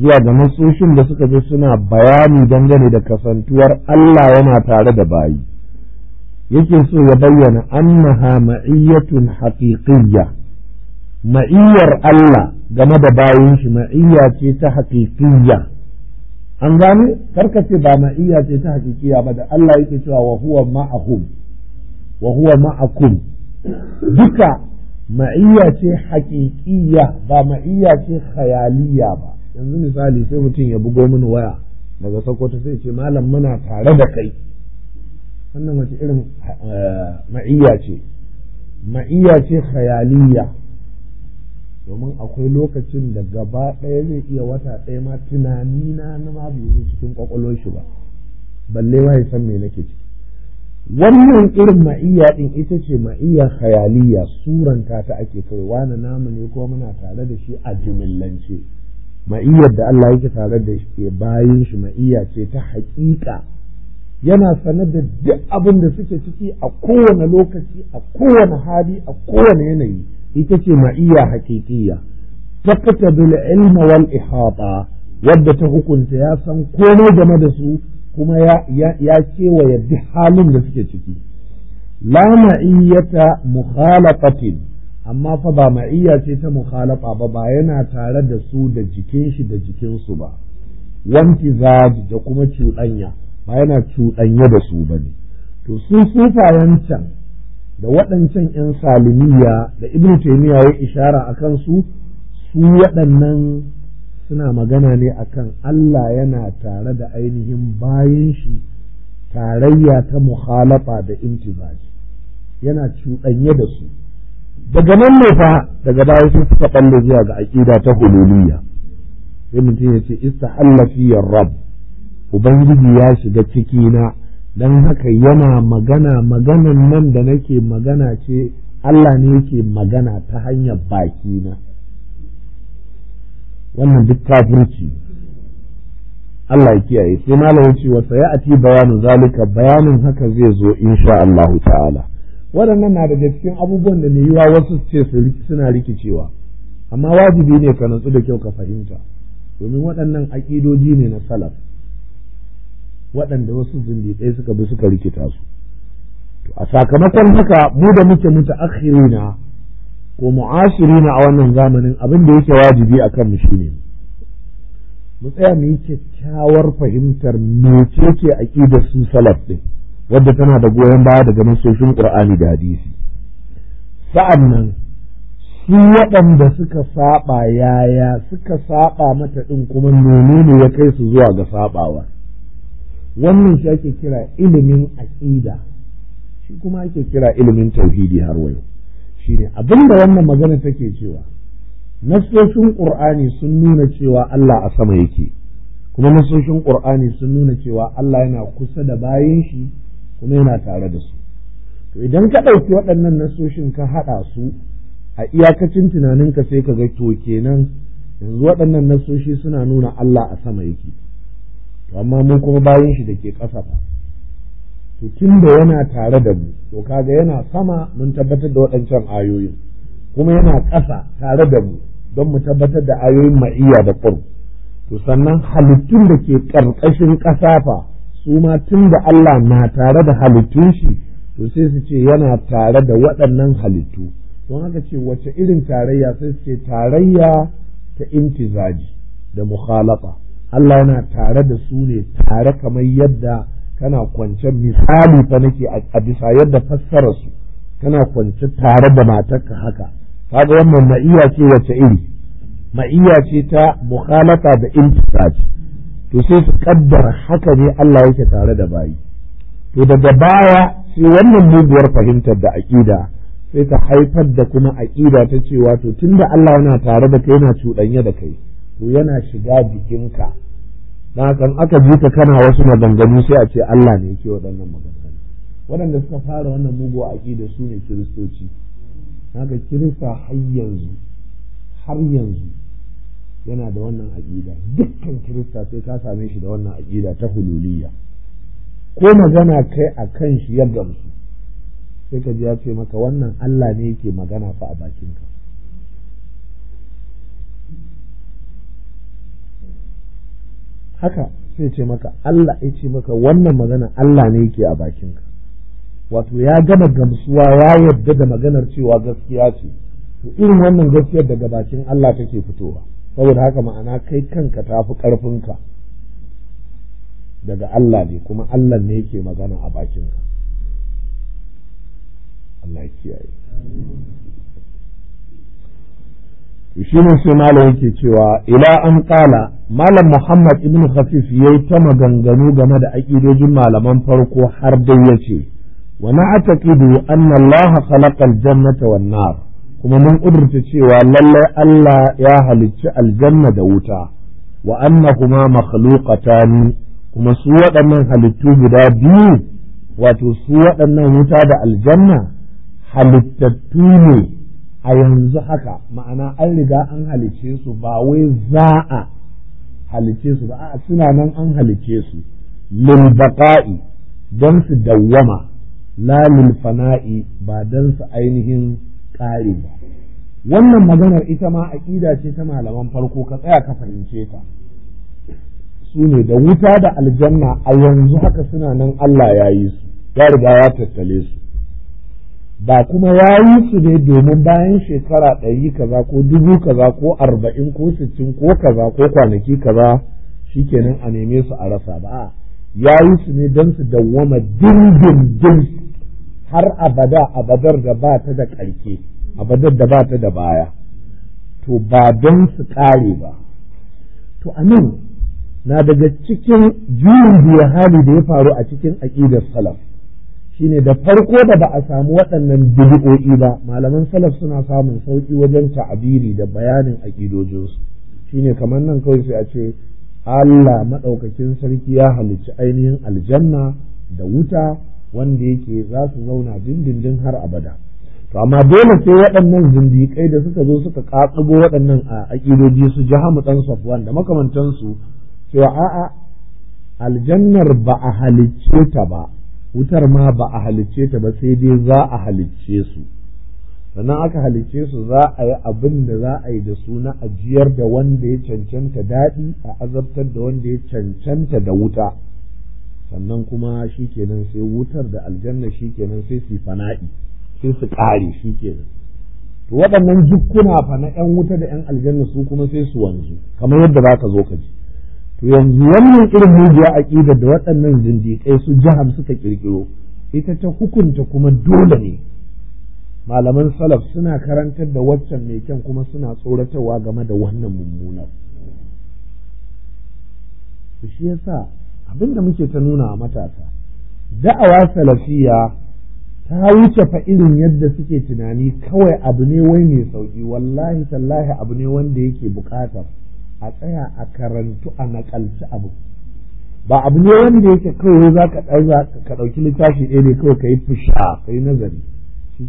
zuwa ga nasoshin da suka je suna bayani dangane da kasantuwar Allah yana tare da bayi yake so ya bayyana annaha ma'iyyatun haqiqiyya ma'iyyar Allah game da bayin shi ma'iyya ce ta haqiqiyya an gane karkace ba ma'iyya ce ta haqiqiyya ba da Allah yake cewa wa huwa wa huwa ma'akum duka ma'iyya ce haƙiƙiya ba ma'iyya ce khayaliya ba yanzu misali sai mutum ya bugo mini waya daga sokoto sai ce malam muna tare da kai wannan wace irin eh, ma'iyya ce ma'iyya ce khayaliya domin akwai lokacin da gaba ɗaya zai iya wata ɗaya ma tunanina na ma bai cikin kwakwalwar shi ba balle ma ya san me nake ciki wannan irin ma'iyya din ita ce ma'iyya khayaliya suranta ta ake kai wani namu ne ko muna tare da shi a jumillance. ma'iyyar da Allah yake tare da shi bayan shi ma'iyya ce ta haƙiƙa yana sanar da duk abin da suke ciki a kowane lokaci a kowane hali a kowane yanayi ita ce ma'iyya haƙiƙiya taqtadul ilma wal ihata wadda ta hukunta ya san komai game da su kuma ya kewaye duk halin da suke ciki la ma'iyyata mukhalafatin amma fa ba ma'iyya ce ta mukhalafa ba ba yana tare da su da jikin shi da jikin su ba wanti zaji da kuma cuɗanya ba yana cuɗanya da su bane to su sufayen can da waɗancan 'yan salimiya da ibn taimiyya ya ishara a kansu su waɗannan suna magana ne akan Allah yana tare da ainihin bayan shi tarayya ta muhalafa da intibaji yana cuɗanye da su daga nan ne fa daga baya sun suka ɓalle zuwa ga aƙida ta hululiyya sai mutum ya ce istahallafiyar rab ubangiji ya shiga cikina don haka yana magana maganan nan da nake magana ce Allah ne yake magana ta hanyar bakina wannan duk kafirci Allah ya kiyaye sai malamin ce wa a ci bayanu zalika bayanin haka zai zo insha Allah ta'ala waɗannan na daga cikin abubuwan da mai yiwa wasu ce suna rikicewa amma wajibi ne ka nutsu da kyau ka fahimta domin waɗannan aƙidoji ne na salaf waɗanda wasu ɗaya suka bi suka rikita su to a sakamakon haka mu da muke muta akhirina wa na a wannan zamanin abin da yake wajibi a kan mu ne. mu tsaya mu yi kyakkyawar fahimtar mecece aqidar su salaf din wadda tana da goyon baya daga masoshin qur'ani da hadisi sa'an nan su waɗanda suka saba yaya suka saba mata ɗin kuma nono ne ya kai su zuwa ga sabawa wannan shi ake kira ilimin aƙida shi kuma ake kira ilimin tauhidi har wayo abin da wannan magana take cewa nasoshin qur'ani sun nuna cewa Allah a sama yake kuma nasoshin qur'ani sun nuna cewa Allah yana kusa da bayan shi kuma yana tare da su to idan ka ɗauki waɗannan nasoshin ka haɗa su a iyakacin tunaninka sai ka ga to kenan yanzu waɗannan nasoshi suna nuna Allah a sama yake to amma mun kuma bayan shi da ke ƙasa fa to tunda yana tare da mu to kaga yana sama mun tabbatar da waɗancan ayoyin kuma yana ƙasa tare da mu don mu tabbatar da ayoyin ma'iyya da ƙurb to sannan halittun da ke ƙarƙashin ƙasa fa su ma tun da Allah na tare da halittun shi to sai su ce yana tare da waɗannan halittu don haka ce wace irin tarayya sai su ce tarayya ta intizaji da mukhalafa Allah yana tare da su ne tare kamar yadda kana kwance misali fa nake a bisa yadda fassara su kana kwance tare da matarka haka kaga wannan ma'iyya ce wace iri ma'iyya ce ta mukhalata da intisaj to sai su kaddara haka ne Allah yake tare da bayi to daga baya sai wannan muguwar fahimtar da aqida sai ta haifar da kuma aqida ta cewa to tunda Allah yana tare da kai yana cuɗanya da kai to yana shiga jikinka na kan aka ji ta kana wasu maganganu sai a ce Allah ne yake waɗannan maganganu waɗanda suka fara wannan mugu a da su ne kiristoci haka kirista har yanzu har yanzu yana da wannan aƙida dukkan kirista sai ka same shi da wannan aƙida ta hululiya ko magana kai a kan shi ya gamsu sai ka ji ya ce maka wannan Allah ne yake magana fa a bakinka haka sai ce maka Allah ya ce maka wannan magana Allah ne yake a bakinka wato ya gama gamsuwa ya yarda da maganar cewa gaskiya ce to irin wannan gaskiyar daga bakin Allah take fitowa saboda haka ma'ana kai kanka tafi karfinka daga Allah ne kuma Allah ne yake magana a bakinka Allah ya kiyaye shi ne sai malam yake cewa ila an kala malam muhammad ibn khafif ya ta maganganu game da aƙidojin malaman farko har dai ya ce wa na ataqidu anna allah khalaqa aljannata wan nar kuma mun kudurta cewa lallai allah ya halicci aljanna da wuta wa annahuma makhluqatan kuma su waɗannan halittu guda biyu wato su waɗannan wuta da aljanna halittattu ne a yanzu haka ma'ana an riga an halice su ba wai za a halice su ba a suna nan an halice su lil baqa'i don su dawwama la lil fana'i ba don su ainihin ƙare ba wannan maganar ita ma aƙida ce ta malaman farko ka tsaya ka fahimce ta su ne da wuta da aljanna a yanzu haka suna nan Allah ya yi su ya riga ya tattale su ba kuma ya yi su ne domin bayan shekara ɗari kaza ko dubu kaza ko arba'in ko sittin ko kaza ko kwanaki kaza shikenan a neme su a rasa ba ya yi su ne don su dawwama dindindin har abada abadar da ba ta da ƙarke abadar da ba ta da baya to ba don su ƙare ba to a na daga cikin juyin biya hali da ya faru a cikin aƙidar salaf shine da farko da ba a samu waɗannan bid'o'i ba malaman salaf suna samun sauki wajen ta'abiri da bayanin aqidojinsu shine kamar nan kawai sai a ce Allah madaukakin sarki ya halicci ainihin aljanna da wuta wanda yake za su zauna dindindin har abada to amma dole sai waɗannan zindiƙai da suka zo suka ƙaƙago waɗannan a aƙidoji su jahamu ɗan safwan da makamantansu cewa a'a aljannar ba a halicce ta ba wutar ma ba a halicce ta ba sai dai za a halicce su sannan aka halicce su za a yi abin da za a yi da su na ajiyar da wanda ya cancanta daɗi a azabtar da wanda ya cancanta da wuta sannan kuma shi kenan sai wutar da aljanna shi kenan sai su fana'i sai su ƙare shi kenan to waɗannan jukkuna fa na ‘yan wuta da ‘yan aljanna su kuma sai su wanzu kamar yadda za ka zo ka ji to yanzu wannan irin mujiya aqida da waɗannan zindiƙai su jihar suka ƙirƙiro. ita ta hukunta kuma dole ne malaman salaf suna karantar da waccan mai kyan kuma suna tsoratarwa game da wannan mummunar su shi yasa abin da muke ta nuna a matasa da'awa salafiya ta wuce fa irin yadda suke tunani kawai abu ne wai mai sauki wallahi tallahi abu ne wanda yake buƙatar a tsaya a karantu a nakalci abu ba abu ne wanda yake kawai za ka ka ɗauki littafi ɗaya ne kawai ka yi fusha ka yi nazari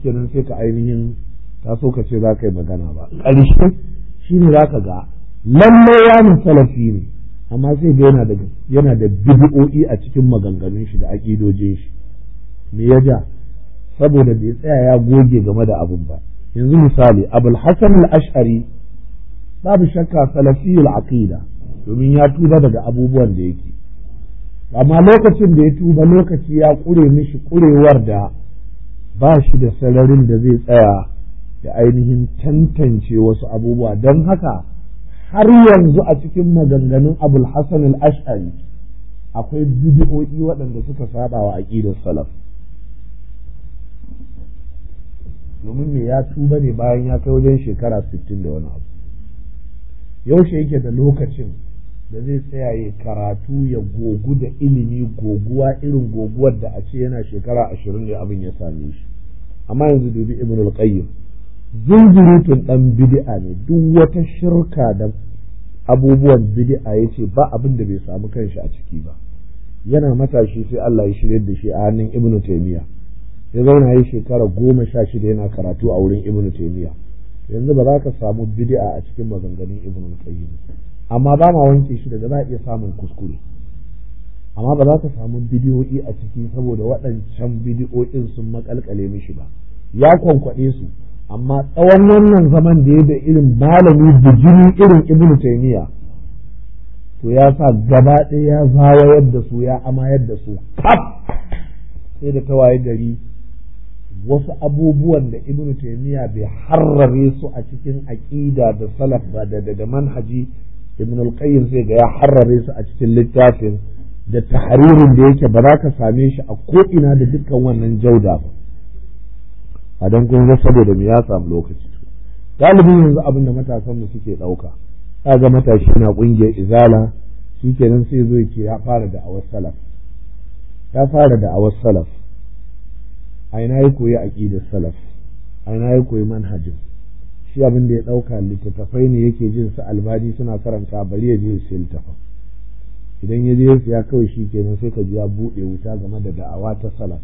nan sai ka ainihin ta taso ka ce za ka yi magana ba ƙarshe shi ne za ka ga lallai yanin salafi ne amma sai ga yana da yana da bid'o'i a cikin maganganun shi da aƙidojin shi me ya ja saboda bai tsaya ya goge game da abun ba yanzu misali abul hasan al-ash'ari babu shakka salafiyul aqida domin ya tuba daga abubuwan da yake amma lokacin da ya tuba lokaci ya kure mishi kurewar da ba shi da sararin da zai tsaya da ainihin tantance wasu abubuwa don haka har yanzu a cikin maganganun abul hasan al-ash'ari akwai bidiyoyi waɗanda suka saba wa aqidar salaf domin me ya tuba ne bayan ya kai wajen shekara 60 da wani abu yaushe yake da lokacin da zai tsaya ya karatu ya gogu da ilimi goguwa irin goguwar da a ce yana shekara ashirin ne abin ya same shi amma yanzu dubi ibn al-qayyim zunzurutun dan bid'a ne duk wata shirka da abubuwan bid'a yace ba abin da bai samu kanshi a ciki ba yana matashi sai Allah ya shirye da shi a hannun ibn taymiya ya zauna ya shekara goma sha shida yana karatu a wurin ibn taymiya yanzu ba za ka samu bid'a a cikin maganganun ibn qayyim amma ba ma wanke shi daga za a iya samun kuskure amma ba za ka samu bidiyoyi a ciki saboda waɗancan bidiyoyin sun makalkale mishi ba ya kwankwaɗe su amma tsawon wannan zaman da ya da irin malami da jini irin ibn taymiya to ya sa gaba ɗaya ya zawayar da su ya amayar da su kaf sai da tawaye gari wasu abubuwan da ibnu taymiya bai harrare su a cikin aqida da salaf ba da daga manhaji ibnu al-qayyim sai ga ya harrare su a cikin littafin da tahririn da yake ba za ka same shi a ko ina da dukkan wannan jauda ba a dan kun ga saboda me ya samu lokaci galibin yanzu abin da matasan mu suke ɗauka ga matashi na ƙungiyar izala shi kenan sai zo ya fara da awar salaf ya fara da awar salaf Aina ya koyi aqidar salaf Aina ya koyi manhajin shi abin da ya ɗauka littattafai ne yake jin su albadi suna karanta bari ya je su littafin idan ya je ya kawai shi kenan sai ka ji ya buɗe wuta game da da'awa ta salaf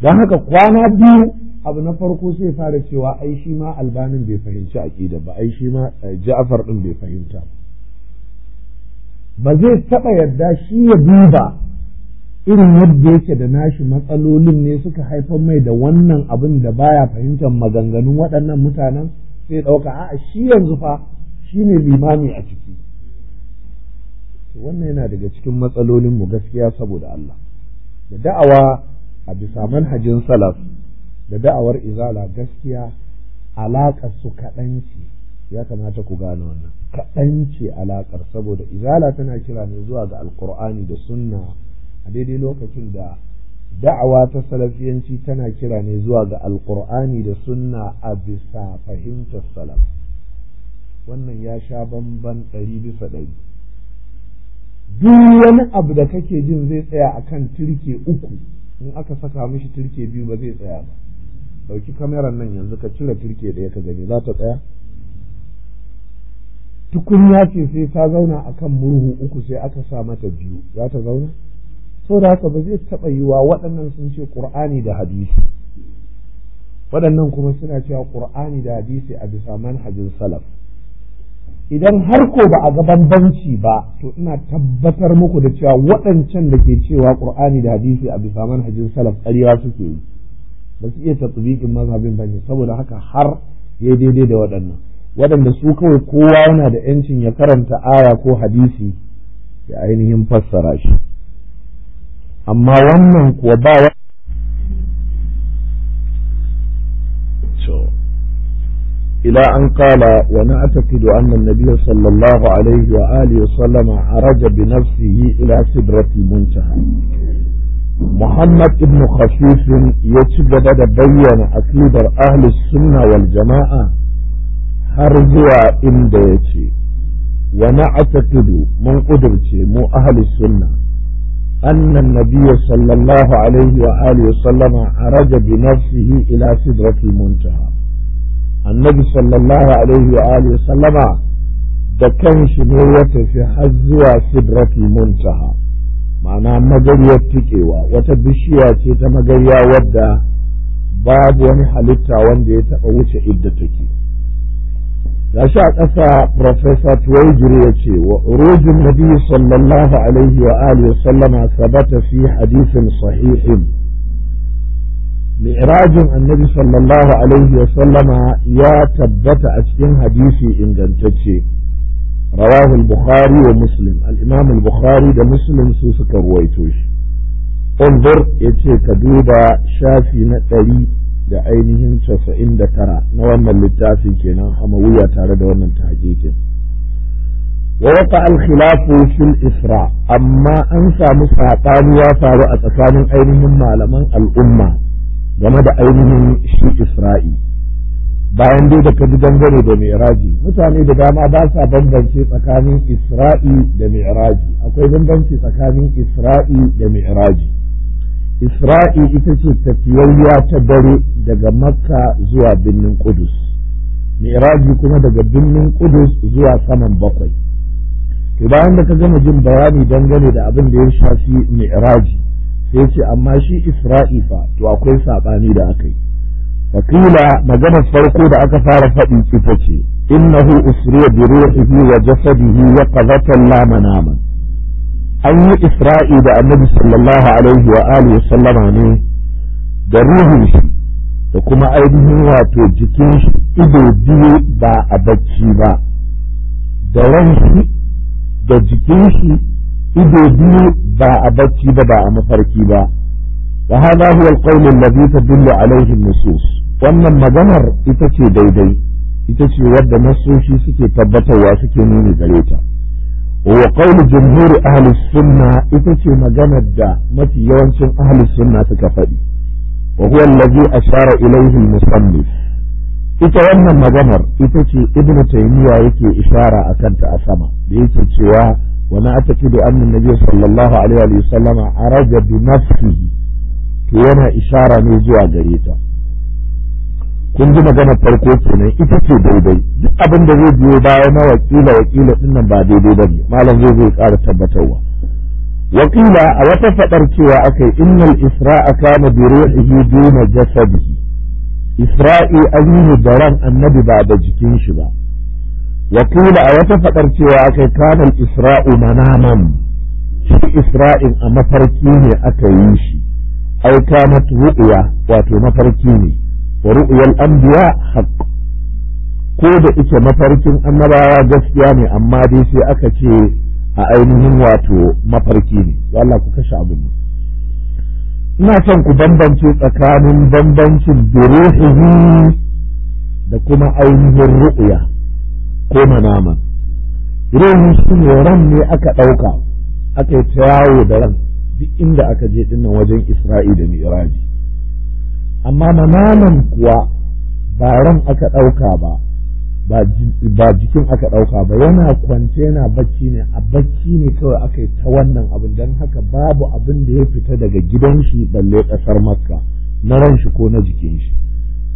don haka kwana biyu abu na farko sai fara cewa ai shi ma albanin bai fahimci aƙida ba ai shi ma eh, ja'afar ɗin bai fahimta ba ba zai taɓa yarda shi ya duba irin yadda yake da nashi matsalolin ne suka haifar mai da wannan abin da baya fahimtar maganganun waɗannan mutanen sai ɗauka a shi yanzu fa shi ne limami a ciki wannan yana daga cikin matsalolin mu gaskiya saboda Allah da da'awa a bisa manhajin salaf da da'awar izala gaskiya alaƙar su kaɗanci ce ya kamata ku gane wannan kaɗan ce alaƙar saboda izala tana kira ne zuwa ga Alkur'ani da sunna a daidai lokacin da da'awa ta salafiyanci tana kira ne zuwa ga alkur'ani da sunna a bisa fahimtar salaf wannan ya sha bamban ɗari bisa ɗari duk wani abu da kake jin zai tsaya a kan turke uku in aka saka mishi turke biyu ba zai tsaya ba ɗauki kameran nan yanzu ka cire turke ɗaya ka gani za ta tsaya tukunya ce sai ta zauna akan murhu uku sai aka sa mata biyu za ta zauna saboda haka ba zai taɓa yiwa waɗannan sun ce ƙur'ani da hadisi waɗannan kuma suna cewa ƙur'ani da hadisi a bisa manhajin salaf idan har ko ba a ga bambanci ba to ina tabbatar muku da cewa waɗancan da ke cewa ƙur'ani da hadisi a bisa manhajin salaf ƙarya suke yi ba su iya tatbiqin mazhabin bane saboda haka har ya daidai da waɗannan waɗanda su kawai kowa yana da yancin ya karanta aya ko hadisi ya ainihin fassara shi amma wannan kuwa ba wa إلى أن قال ونعتقد أن النبي صلى الله عليه وآله وسلم عرج بنفسه إلى سدرة المنتهى محمد بن خفيف يتجد بين أكيد أهل السنة والجماعة هرزوا إن ديتي ونعتقد من قدرتي مو أهل السنة أن النبي صلى الله عليه وآله وسلم عرج بنفسه إلى سدرة المنتهى النبي صلى الله عليه وآله وسلم دكان شنوية في حزوى سدرة المنتهى معنى مجرية تكيوى وتبشية تمجرية ودى باب ونحلتها وندي تقوش إدتكي gashi a ƙasa Professor Tuwaijiri ya ce wa urujin Nabi sallallahu alaihi wa alihi wa sallama sabata fi hadisin sahihin mi'rajin annabi sallallahu alaihi wa sallama ya tabbata a cikin hadisi ingantacce rawahu al-bukhari wa muslim al-imam al-bukhari da muslim su suka ruwaito shi ya ce ka duba shafi na ɗari da ainihin casa'in da tara na wannan littafi kenan hamawiya tare da wannan tahqiqin wa waqa al khilafu fil isra amma an samu saɓani ya faru a tsakanin ainihin malaman al'umma game da ainihin shi isra'i bayan dai da kaji dangane da mi'raji mutane da dama ba sa bambance tsakanin isra'i da mi'raji akwai bambanci tsakanin isra'i da mi'raji isra'i ita ce tafiyayya ta dare daga makka zuwa birnin kudus mi'raji kuma daga birnin kudus zuwa saman bakwai to bayan da ka gama jin bayani dangane da abin da ya shafi mi'raji sai ce amma shi isra'i fa to akwai saɓani da aka yi fakila maganar farko da aka fara faɗi ita ce innahu usriya bi ruhihi wa jasadihi ya la manaman an yi isra'i da annabi sallallahu alaihi wa alihi sallama ne da ruhin shi da kuma ainihin wato jikin shi ido biyu ba a bacci ba da ran shi da jikin shi ido biyu ba a bacci ba ba a mafarki ba wa hada huwa alqawl alladhi tadullu alaihi an-nusus wannan maganar ita ce daidai ita ce wadda nasoshi suke tabbatarwa suke nuni gare ta wa qawlu jumhur ahli sunna ita ce maganar da mafi yawancin ahli sunna suka faɗi wa huwa allazi ashara ilayhi al-musannif ita wannan maganar ita ce ibn taymiya yake ishara akan ta a sama da yake cewa wa na atakidu anna nabiy sallallahu alaihi wa sallama araja bi nafsihi to yana ishara ne zuwa gare ta kun ji magana farko kenan ita ce daidai duk abin da zai biyo baya na wakila wakila din nan ba daidai bane malam zai zai ƙara tabbatarwa wakila a wata fadar cewa akai innal isra'a kana bi ruhihi duna jasadihi isra'i azihi da ran annabi ba da jikin shi ba wakila a wata fadar cewa akai kana isra'u manaman shi isra'in a mafarki ne aka yi shi ai kanat wato mafarki ne wa ru'yal anbiya haqq ko da ita mafarkin annabawa gaskiya ne amma dai sai aka ce a ainihin wato mafarki ne Allah ku kashe abin ina son ku bambance tsakanin bambancin biruhihi da kuma ainihin ru'ya ko manama ruhu shi ne ran ne aka ɗauka aka tayawo ta yawo da ran duk inda aka je dinnan wajen isra'i da mi'raji amma mananan kuwa ba ran aka ɗauka ba ba jikin aka ɗauka ba yana kwance yana bacci ne a bacci ne kawai aka yi ta wannan abin don haka babu abin da ya fita daga gidan shi balle ƙasar makka na ran shi ko na jikin shi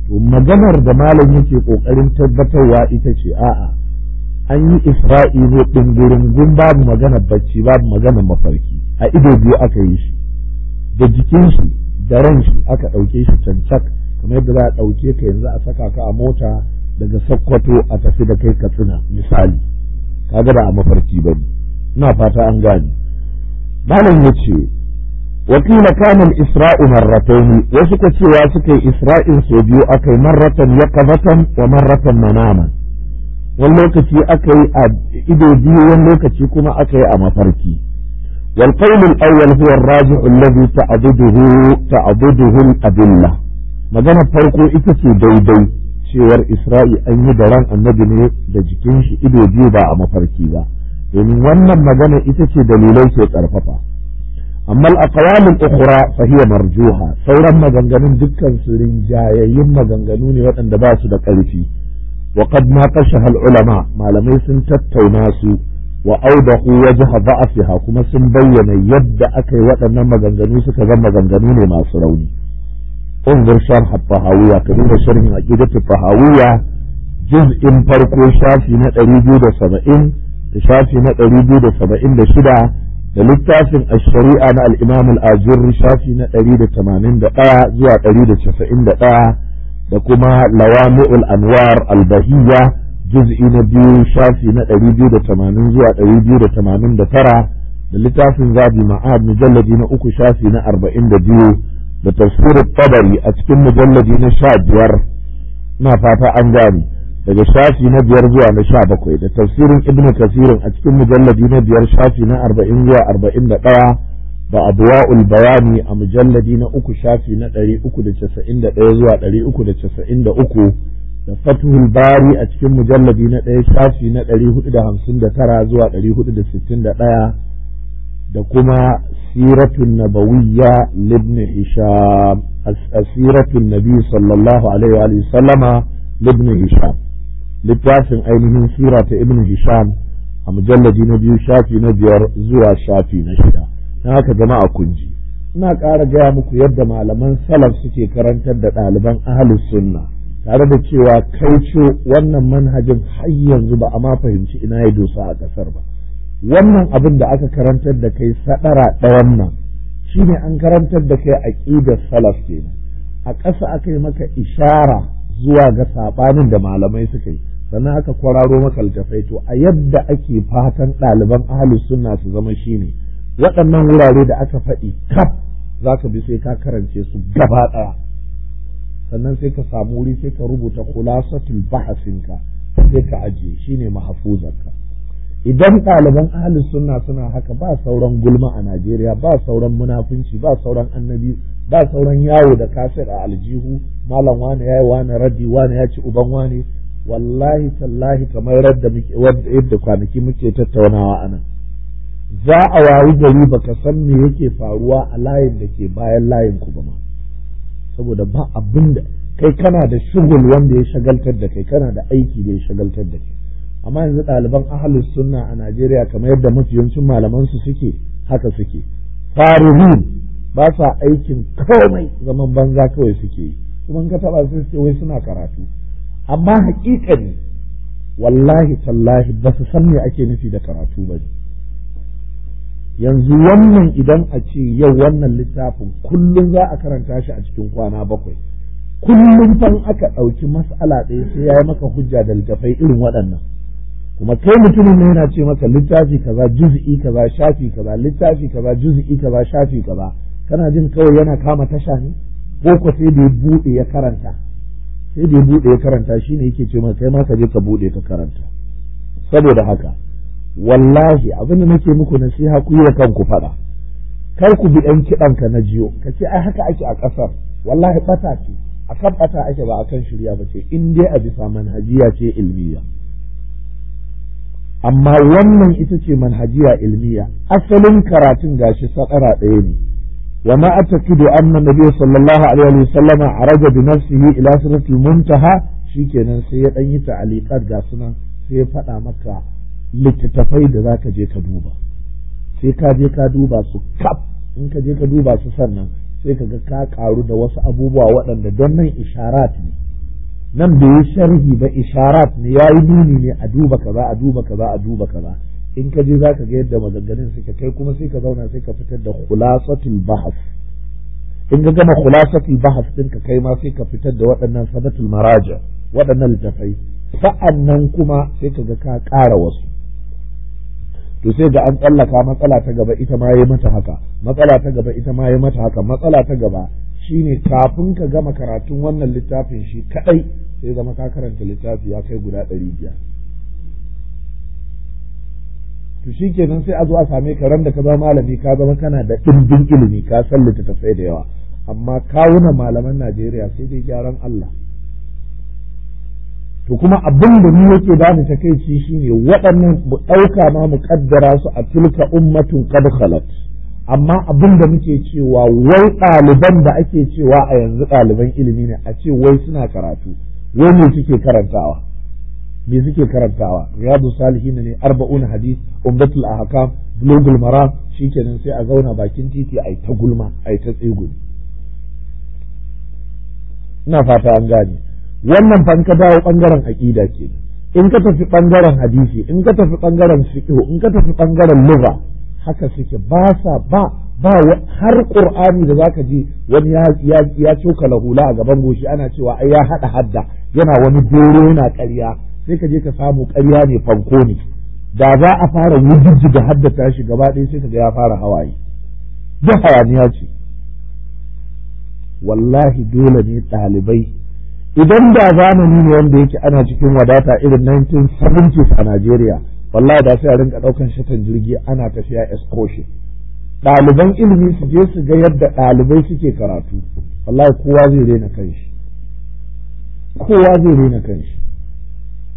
to maganar da malam yake ƙoƙarin tabbatarwa ita ce a'a an yi ɗin gurin gun babu maganar bacci babu maganar mafarki a ido biyu aka yi shi da jikin shi da ran shi aka ɗauke shi cancak kamar yadda za a ɗauke ka yanzu a saka ka a mota daga Sakkwato a tafi da kai katsina misali Ka gada a mafarki ba na fata an gane malam ya ce wakila kana isra'u marrataini wasu ka cewa suka yi isra'in sau biyu aka yi marratan yaqazatan wa marratan manaman wani lokaci aka yi a ido biyu wani lokaci kuma aka yi a mafarki والقول الأول هو الراجع الذي تعبده تعبده الأدلة magana farko ita ce daidai cewar isra'i an yi da ran annabi ne da jikin shi ido biyu ba a mafarki ba domin wannan magana ita ce dalilai ke tsarfafa. amma al-aqwalul ukhra fa marjuha sauran maganganun dukkan su rinjayayyun maganganu ne waɗanda ba su da ƙarfi wa qad ma qashaha al-ulama malamai sun tattauna su wa audahu wajha da'afiha kuma sun bayyana yadda aka yi waɗannan maganganu suka zama maganganu ne masu rauni unzur sharh fahawiya ka duba sharhin aqidatu fahawiya juz'in farko shafi na 270 da shafi na 276 da littafin ash-shari'a na al-imam al-ajurri shafi na 181 zuwa 191 da kuma lawami'ul anwar al-bahiyya juz'i na biyu shafi na ɗari biyu da tamanin zuwa ɗari biyu da tamanin da tara da littafin zabi ma'ad mujalladi na uku shafi na arba'in da biyu da tafsirin tabari a cikin mujalladi na sha biyar na fata an gane daga shafi na biyar zuwa na sha bakwai da tafsirin ibnu kasirin a cikin mujalladi na biyar shafi na arba'in zuwa arba'in da ɗaya da abuwa'ul bayani a mujalladi na uku shafi na ɗari uku da casa'in da ɗaya zuwa ɗari uku da casa'in da uku da fatuhul bari a cikin mujallabi na ɗaya shafi na ɗari hudu da hamsin da tara zuwa ɗari hudu da sittin da ɗaya da kuma siratun nabawiyya libni hisham a Siratun nabi sallallahu alaihi wa sallama libni hisham littafin ainihin sira ta ibn hisham a mujallabi na biyu shafi na biyar zuwa shafi na shida na haka jama'a kunji ina ƙara gaya muku yadda malaman salaf suke karantar da ɗaliban ahlus sunna tare da cewa kai ce wannan manhajin har yanzu ba a ma fahimci ina ya dosa a ƙasar ba wannan abin da aka karantar da kai sadara ɗayan nan shi ne an karantar da kai a ƙidar salaf kenan a ƙasa aka yi maka ishara zuwa ga saɓanin da malamai suka yi sannan aka kwararo maka littafai to a yadda ake fatan ɗaliban ahalus sunna su zama shi ne, waɗannan wurare da aka faɗi kaf za ka bi sai ka karance su gaba ɗaya sannan sai ka samu wuri sai ka rubuta khulasatul bahasinka sai ka ajiye shine mahfuzarka idan ɗaliban ahli sunna suna haka ba sauran gulma a Najeriya ba sauran munafunci ba sauran annabi ba sauran yawo da kasir a aljihu malam wani yayi wani raddi wani ya ci uban wani wallahi tallahi kamar radda muke yadda kwanaki muke tattaunawa anan za a wayi gari baka san me yake faruwa a layin da ke bayan layin ku ba ma saboda ba abin da kai kana da shugul wanda ya shagaltar da kai kana da aiki da ya shagaltar da kai amma yanzu ɗaliban ahalus sunna a Najeriya kamar yadda mafi malaman su suke haka suke farumin ba sa aikin komai zaman banza kawai suke yi kuma ka taɓa sun ce wai suna karatu amma hakikani wallahi tallahi ba su san me ake nufi da karatu ba ne yanzu wannan idan a ce yau wannan littafin kullum za a karanta shi a cikin kwana bakwai kullum fan aka ɗauki mas'ala ɗaya sai ya yi maka hujja da littafai irin waɗannan kuma kai mutumin ne yana ce maka littafi kaza juz'i kaza shafi kaza littafi kaza juz'i kaza shafi kaza kana jin kawai yana kama tasha ne ko ko sai da ya buɗe ya karanta sai da ya buɗe ya karanta shine yake ce maka kai ma ka je ka buɗe ka karanta saboda haka wallahi abin da nake muku nasiha ku yi wa kanku faɗa kar ku bi ɗan kiɗan ka na jiyo ka ce ai haka ake a ƙasar wallahi ɓata ce a kan ɓata ake ba a kan shirya ba ce in dai a bisa manhajiya ce ilmiya amma wannan ita ce manhajiya ilmiya asalin karatun gashi sadara ɗaya ne wa ma atakidu anna nabiyyu sallallahu alaihi wa sallam araja bi nafsihi ila siratil muntaha shikenan sai ya ɗan yi ta'aliqat ga sunan sai ya faɗa maka littattafai da za ka je ka duba sai ka je ka duba su kaf in ka je ka duba su sannan sai ka ga ka karu da wasu abubuwa waɗanda don nan isharat ne nan bai yi sharhi ba isharat ne ya yi nuni ne a duba kaza a duba kaza a duba kaza in ka je za ka ga yadda maganganun suke kai kuma sai ka zauna sai ka fitar da khulasatul bahas in ka gama khulasatul bahas din ka kai ma sai ka fitar da waɗannan sadatul maraja waɗannan littafai sa'annan kuma sai ka ga ka ƙara wasu to sai ga an tsallaka matsala ta gaba ita ma yi mata haka matsala ta gaba ita ma yi mata haka matsala ta gaba shine kafin ka gama karatun wannan littafin shi kadai sai zama ka karanta littafi ya kai guda ɗari biyar to shi kenan sai a zo a same ka ran da ka zama malami ka zama kana da ɗimbin ilimi ka san littattafai da yawa amma kawunan malaman Najeriya sai dai gyaran Allah to kuma abin da ni yake ba da takaici shine waɗannan mu ɗauka ma mu kaddara su a tilka ummatun qad khalat amma abin da muke cewa wai ɗaliban da ake cewa a yanzu ɗaliban ilimi ne a ce wai suna karatu wai me suke karantawa me suke karantawa riyadu salihin ne arba'un hadith ummatul ahkam bulugul maram shikenan sai a zauna bakin titi ai ta gulma ai ta tsegumi ina fata an gane wannan fa in ka dawo ɓangaren aƙida ke in ka tafi ɓangaren hadisi in ka tafi bangaren fiqh in ka tafi ɓangaren lugha haka suke ba sa ba ba har qur'ani da zaka ji wani ya ya coka hula a gaban goshi ana cewa ai ya haɗa hadda yana wani doro yana ƙarya sai ka je ka samu ƙarya ne fanko ne da za a fara hadda ta shi gaba ɗaya sai ka ga ya fara hawaye duk hayaniya ce wallahi dole ne ɗalibai idan da zamani ne wanda yake ana cikin wadata irin 1970s a Najeriya wallahi da sai a rinka daukan shatan jirgi ana tafiya excursion ɗaliban ilimi su je su ga yadda ɗalibai suke karatu wallahi kowa zai rena kanshi kowa zai rena kanshi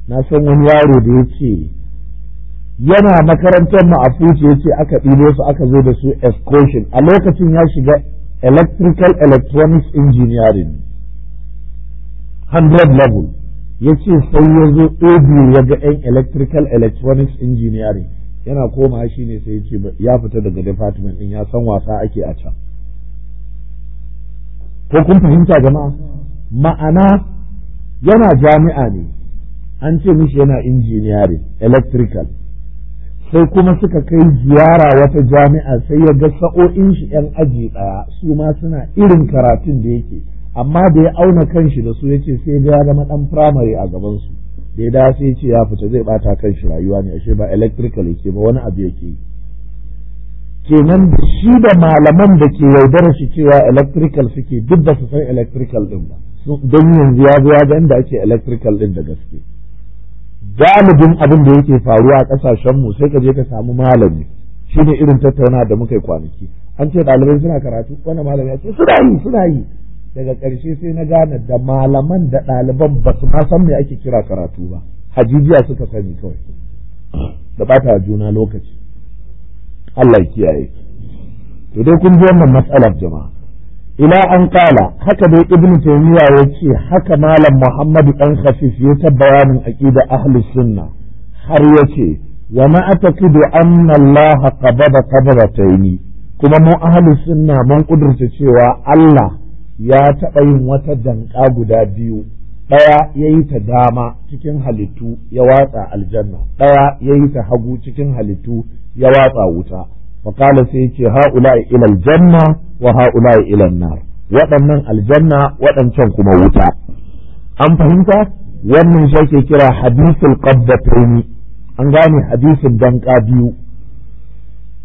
na san wani yaro da yake yana makarantar mu a fuce ya aka ɗibo su aka zo da su excursion a lokacin ya shiga electrical electronics engineering 100 level ya ce sai ya zo audio ya ga 'yan electrical electronics engineering yana koma shi ne sai ya ce ya fita daga department in ya san wasa ake a can ko kun fahimta jama'a ma'ana yana jami'a ne an ce mishi yana engineering electrical sai kuma suka kai ziyara wata jami'a sai ya ga sa'o'in shi 'yan aji ɗaya su ma suna irin karatun da yake amma da ya auna kanshi da su ya ce sai ya zama dan firamare a gabansu. su da ya dace ya ce ya fita zai bata kanshi rayuwa ne ashe ba electrical yake ba wani abu yake kenan shi da malaman da ke yaudar shi cewa electrical suke duk ba su san electrical din ba don yanzu ya zo ya ga inda ake electrical din da gaske galibin abin da yake faruwa a kasashen mu sai ka je ka samu malami shine irin tattauna da muka yi kwanaki an ce ɗalibai suna karatu wani malami ya ce suna yi suna yi daga ƙarshe sai na gane da malaman da ɗaliban ba su ma san me ake kira karatu ba hajijiya suka sani kawai da bata juna lokaci Allah ya kiyaye to dai kun ji wannan matsalar jama'a ila an kala haka dai ibnu taymiya ce, haka malam Muhammadu dan khafif ya ta bayanin aqida ahli sunna har yace wa ma ataqidu anna allah qabada qabatayni kuma mu ahli sunna mun kudurta cewa Allah ya taɓa yin wata danƙa guda biyu ɗaya ya yi ta dama cikin halittu ya watsa aljanna ɗaya ya yi ta hagu cikin halittu ya watsa wuta fakala sai ce ha'ula ila aljanna wa ha'ula ila nar waɗannan aljanna waɗancan kuma wuta an fahimta wannan shi ke kira hadisul qabdatayn an gane hadisin danƙa biyu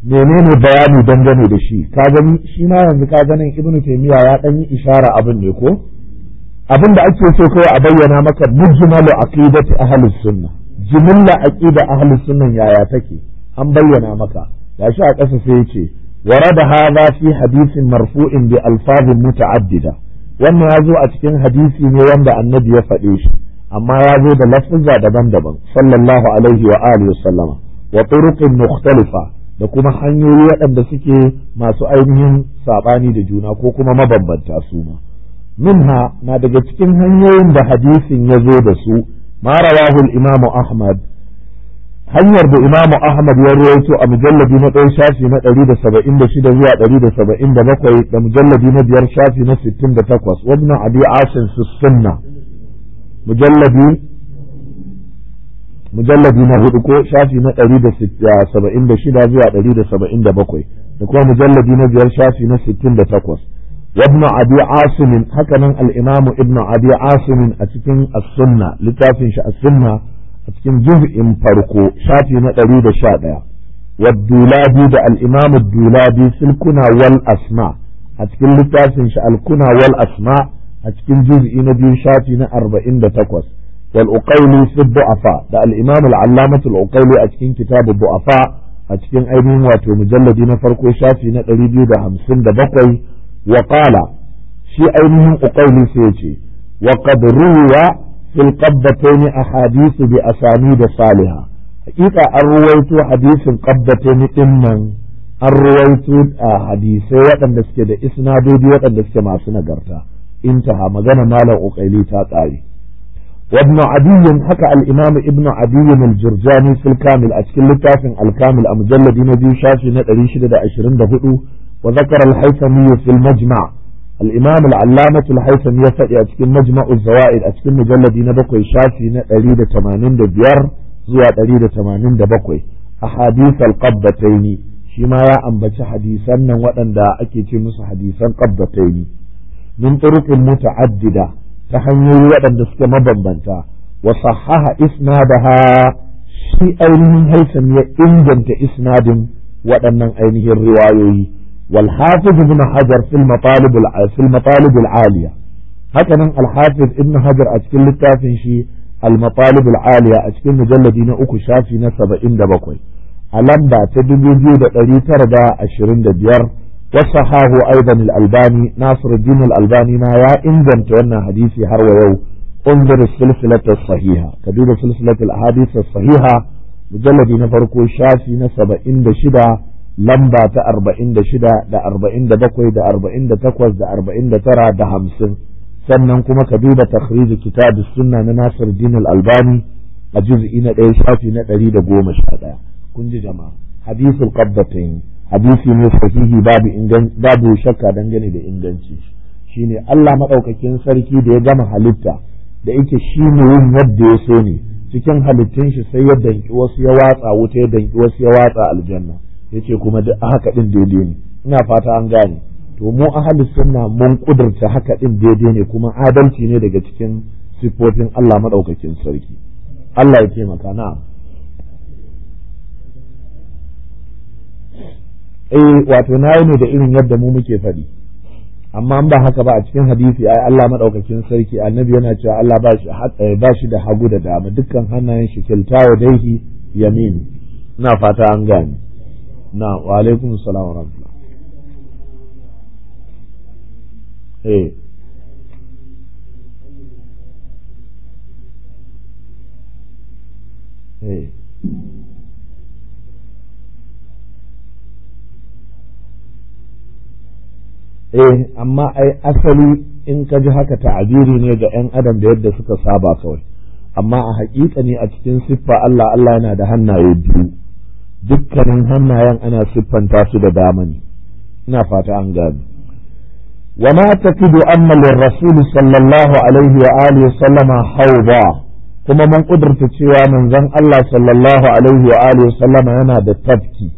menene bayani dangane da shi ka gani shi ma yanzu ka ganin ibnu taymiya ya dan yi ishara abin ne ko abin da ake so kawai a bayyana maka mujmalu aqidati ahli sunna jumla aqida ahli sunna yaya take an bayyana maka gashi a ƙasa sai yace ورد هذا في حديث مرفوع بألفاظ متعددة wannan ya zo a cikin hadisi ne wanda annabi ya faɗe shi amma ya zo da lafuzza daban-daban sallallahu alaihi wa alihi wa wa turuqin mukhtalifa da kuma hanyoyi waɗanda suke masu ainihin saɓani da juna ko kuma mabambanta su ma minha na daga cikin hanyoyin da hadisin ya zo da su ma rawahu imamu ahmad hanyar da imamu ahmad ya rawaito a mujalladi na ɗaya shafi na ɗari da saba'in da shida zuwa ɗari da saba'in da bakwai da mujalladi na biyar shafi na sittin da takwas wabna abi asin fi sunna mujalladi mujallabi na hudu ko shafi na ɗari da saba'in da shida zuwa ɗari da saba'in da bakwai kuma mujallabi na biyar shafi na sittin da takwas wabin abi asimin hakanan al'imamu ibn abi asimin a cikin as-sunna littafin shi as-sunna a cikin juz'in farko shafi na ɗari da sha ɗaya wadduladi da al'imamu duladi silkuna wal asma a cikin littafin shi alkuna wal asma a cikin juz'i na biyu shafi na arba'in da takwas wal uqayli fi du'afa da al imam al allamah a cikin kitab bu'afa a cikin ainihin wato mujalladi na farko shafi na da da bakwai qala shi ainihin uqayli sai yace wa qad ruwa fil qabdatayn ahadith bi asanid salihah haƙiƙa an ruwaito hadisin qabdatayn din nan an ruwaito a hadisai waɗanda suke da isnadodi waɗanda suke masu nagarta intaha magana malam uqayli ta tsare وابن عدي حكى الإمام ابن عدي الجرجاني في الكامل أشكل لتاف الكامل المجلد نبي شافي نتري شدد عشرين دهؤو وذكر الحيثمي في المجمع الإمام العلامة الحيثمي يفقي أشكل مجمع الزوائد أشكل مجلد نبقي شافي نتري ده تمانين ده بيار زوى تري ده تمانين ده بقي أحاديث القبتين شما يا أنبت حديثا وأن دا أكي تنص حديثا قبتين من طرق متعددة ta hanyoyi waɗanda suke mabambanta wa sahaha isnadaha shi ainihin haisam ya inganta isnadin waɗannan ainihin riwayoyi wal hafiz ibn hajar fil matalib al aliya haka nan al hafiz ibn hajar a cikin littafin shi al matalib al aliya a cikin mujalladi na uku shafi na 77 a lamba ta 2925 wasahahu aidan al-albani nasir din al-albani ma ya inganta wannan hadisi har wa yau unzur silsilat sahiha ka duba silsilat al-ahadith sahiha mujalladi na farko shafi na 76 lamba ta 46 da 47 da 48 da 49 da hamsin. sannan kuma ka duba takhrij kitab sunna na nasir din al-albani a juz'i na 1 shafi na 111 kun ji jama'a hadithul qabbatain hadisi ne sahihi babu babu shakka dangane da inganci shine Allah madaukakin sarki da ya gama halitta da yake shi ne yin yadda ya so ne cikin halittun shi sai ya danki wasu ya watsa wuta ya danki wasu ya watsa aljanna yace kuma duk haka din daidai ne ina fata an gane to mu ahli sunna mun kudurta haka din daidai ne kuma adalci ne daga cikin sifofin Allah madaukakin sarki Allah ya taimaka na'am eh wato na ne da irin yadda mu muke faɗi amma ba haka ba a cikin hadisi ai Allah madaukakin sarki annabi yana cewa Allah ba shi eh, ba shi da hagu da dama dukkan hannayen shi kilta wa daihi yamin ina fata an gani. na wa alaikum assalam wa rahmatullah eh eh eh amma ai asali in ka ji haka ta'abiri ne ga 'yan adam da yadda suka saba kawai amma a haƙiƙa ne a cikin siffa Allah Allah yana da hannaye biyu dukkanin hannayen ana siffanta su da dama ne ina fata an gani wa ma taqidu amma lirrasul sallallahu alaihi wa alihi sallama hauba kuma mun kudurta cewa manzon Allah sallallahu alaihi wa alihi sallama yana da tafki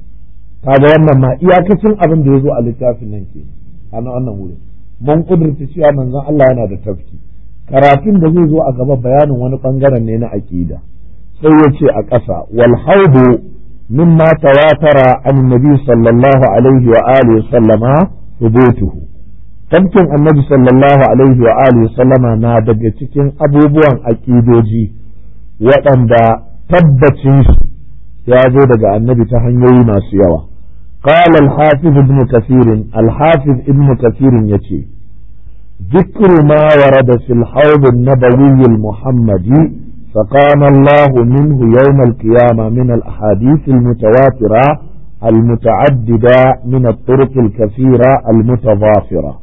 kaga wannan ma iyakacin abin da yazo a littafin nan kenan a wannan wurin mun kudurta cewa manzon Allah yana da tafki karatun da zai zo a gaba bayanin wani bangaren ne na aqida sai ya ce a ƙasa wal haudu mimma tawatara an nabi sallallahu alaihi wa alihi sallama hubutuhu tafkin annabi sallallahu alaihi wa alihi sallama na daga cikin abubuwan aqidoji waɗanda tabbacin ya zo daga annabi ta hanyoyi masu yawa قال الحافظ ابن كثير الحافظ ابن كثير يتي ذكر ما ورد في الحوض النبوي المحمدي فقام الله منه يوم القيامة من الأحاديث المتواترة المتعددة من الطرق الكثيرة المتضافرة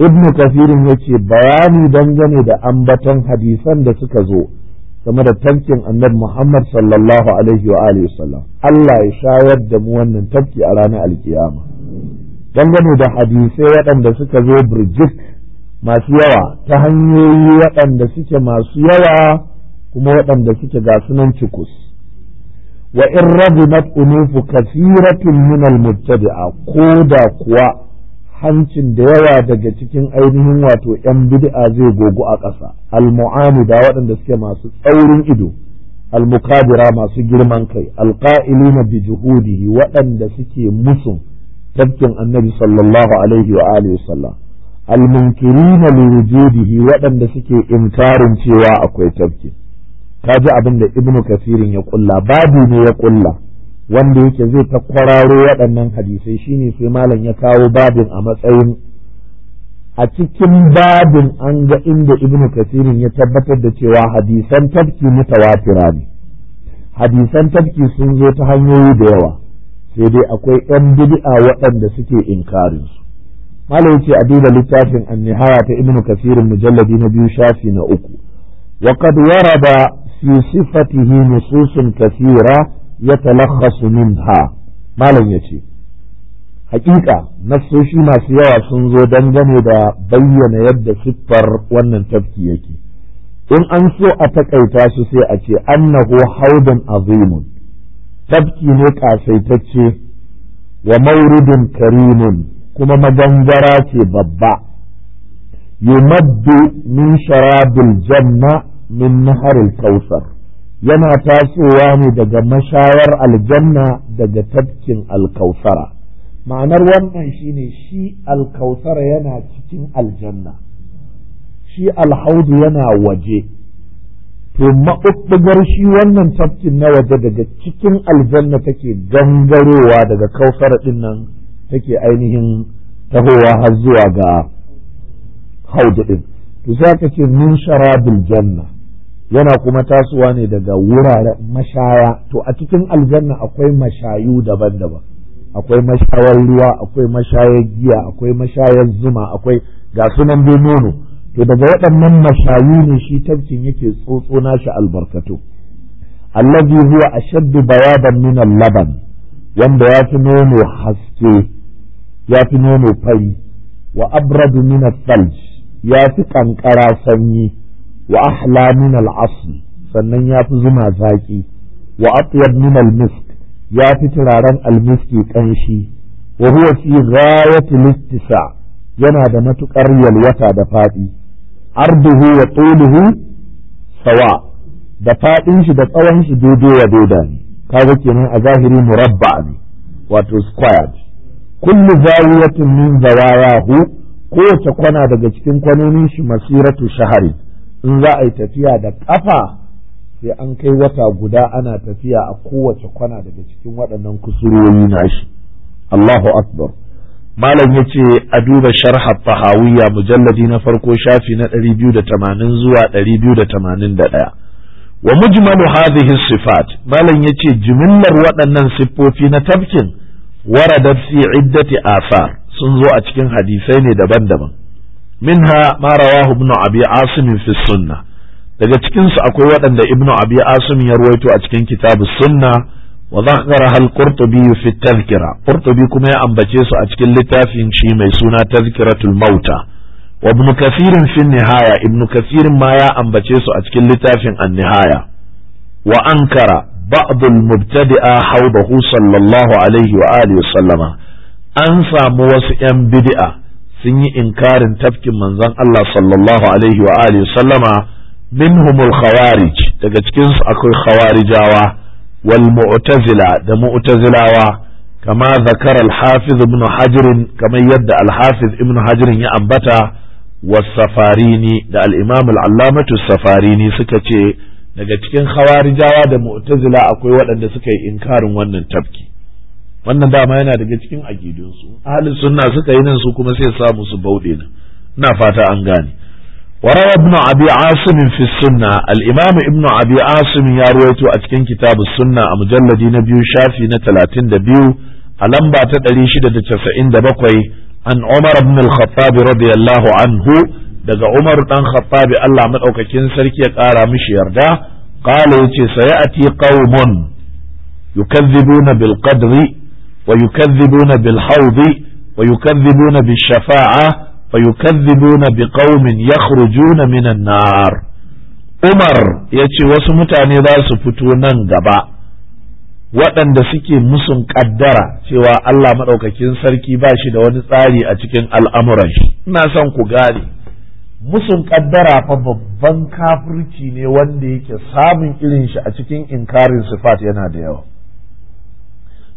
ابن كثير يتي بياني دنجني دا أنبتا حديثا دا سكزو game da tafkin annabi Muhammad sallallahu alaihi wa alihi wasallam Allah ya shayar da mu wannan tafki a ranar alkiyama dangane da hadisai waɗanda suka zo birjik masu yawa ta hanyoyi waɗanda suke masu yawa kuma waɗanda suke ga sunan cikus wa in rabu na unufu kasiratun min al ko da kuwa hancin da yawa daga cikin ainihin wato ‘yan bid'a zai gogu a ƙasa, Almu'ani da waɗanda suke masu tsaurin ido, almukabira masu girman kai, al-ƙa'ilina bi juhudihi waɗanda suke musun tafkin annabi sallallahu alaihi wa alihi sallam, al li waɗanda suke inkarin cewa akwai tafkin. Ka ji abin da Ibn Kasirin ya ƙulla, babu ne ya ƙulla. wanda yake zai ta kwararo waɗannan hadisai shine sai malam ya kawo babin a matsayin a cikin babin an ga inda ibnu kasirin ya tabbatar da cewa hadisan tafki mutawatira ne hadisan tafki sun zo ta hanyoyi da yawa sai dai akwai ‘yan bid'a waɗanda suke inkarin su. Malam yace a duba littafin annihaya ta ibnu Kasirin mujalladi na biyu shafi na uku. Wa qad warada fi sifatihi nususun kasira Ya yatalakhasu minha malam yace hakika nassoshi masu yawa sun zo dangane da bayyana yadda siffar wannan tafki yake in an so a takaita su sai a ce annahu haudun azimun tafki ne kasaitacce wa mauridin karimun kuma magangara ce babba yumaddu min sharabil janna min naharil kausar yana tasowa ne daga mashawar aljanna daga tafkin alkausara ma'anar wannan shine shi alkausara yana cikin aljanna shi alhaudu yana waje to maɓuɓɓugar shi wannan tafkin na waje daga cikin aljanna take gangarowa daga kausara ɗin take ainihin tahowa har zuwa ga haudu ɗin to za ka ce min sharabil janna yana kuma tasowa ne daga wuraren mashaya to a cikin aljanna akwai mashayu daban-daban akwai mashayar ruwa akwai mashayar giya akwai mashayar zuma akwai ga sunan dai nono to daga waɗannan mashayu ne shi tafkin yake tsotso nashi albarkatu allazi huwa ashaddu bayadan min laban wanda ya fi nono haske ya fi nono fari wa abradu min ya fi kankara sanyi wa ahla min al sannan ya fi zuma zaƙi wa atyab min al-misk ya fi turaren almiski ƙanshi wa huwa fi ghayati littisa yana da matuƙar yalwata da faɗi arduhu wa tuluhu sawa da faɗin shi da tsawon shi daidai wa daida ne kaga kenan a zahiri murabba ne wato squared kullu zawiyatin min zawayahu kowace kwana daga cikin kwanonin shi masiratu shahari in za a yi tafiya da ƙafa sai an kai wata guda ana tafiya a kowace kwana daga cikin waɗannan kusurwoyi shi Allahu akbar malam ya ce a duba sharha fahawiya mujalladi na farko shafi na 280 zuwa 281 wa mujmalu hadhihi sifat malam ya ce jimillar waɗannan siffofi na tafkin waradat fi iddati asar sun zo a cikin hadisai ne daban-daban minha ma rawahu ibn abi asim fi sunna daga cikinsu akwai waɗanda ibnu abi asim ya ruwaito a cikin kitabu sunna wa zakara hal qurtubi fi tazkira. qurtubi kuma ya ambace su a cikin littafin shi mai suna tazkiratul mauta wa ibn kathir fi nihaya Ibnu kathir ma ya ambace su a cikin littafin an-nihaya wa ankara ba'd al-mubtadi'a hawdahu sallallahu alaihi wa alihi wa sallama an samu wasu 'yan bid'a sun yi inkarin tafkin manzon Allah sallallahu alaihi wa alihi sallama minhumul khawarij daga cikin su akwai khawarijawa wal mu'tazila da mu'tazilawa kama zakara al-hafiz ibn hajr kamar yadda al-hafiz ibn hajr ya ambata wasafarini da al-imam al-allamatu safarini suka ce daga cikin khawarijawa da mu'tazila akwai waɗanda suka yi inkarin wannan tafki wannan dama yana daga cikin akidunsu ahalin sunna suka yi nan su kuma sai samu su bauɗe nan ina fata an gane وروى ابن أبي عاصم في السنة الإمام ابن أبي عاصم يرويته أتكين كتاب السنة مجلد نبيو شافي نتلاتين دبيو ألم باتدري شدة تسعين دبقوي عن عمر بن الخطاب رضي الله عنه daga Umar dan Khattabi Allah maɗaukakin sarki ya ƙara mishi yarda qala yace sayati qaumun yukazzibuna na Bilkadri. wa yukadhibuna bil hawdi wa yukadhibuna bil shafa'a fa na bi minan Umar ya ce wasu mutane za su fito nan gaba waɗanda suke musun ƙaddara cewa Allah maɗaukakin sarki ba shi da wani tsari a cikin al'amuran shi. Ina son ku gane, musun ƙaddara fa babban kafirci ne wanda yake samun irin shi a cikin inkarin sifat yana da yawa.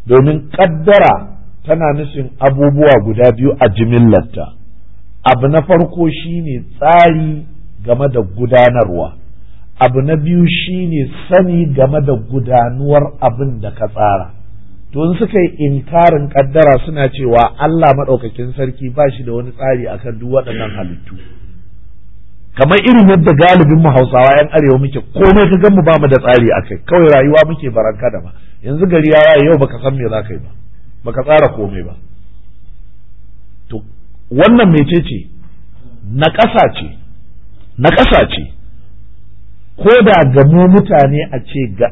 domin kaddara tana nufin abubuwa guda biyu a jimillarta abu na farko shine tsari game da gudanarwa abu na biyu shine sani game da gudanuwar abin da ka tsara to suka yi inkarin kaddara suna cewa Allah maɗaukakin sarki ba shi da wani tsari akan duk waɗannan halittu kamar irin yadda galibin mu Hausawa yan arewa muke komai ka ganmu mu ba mu da tsari akai kawai rayuwa muke baranka da ba yanzu gari ya waye yau baka san me za ka yi ba baka tsara komai ba to wannan ce na ƙasa ce na ƙasa ce ko da ga mu mutane a ce ga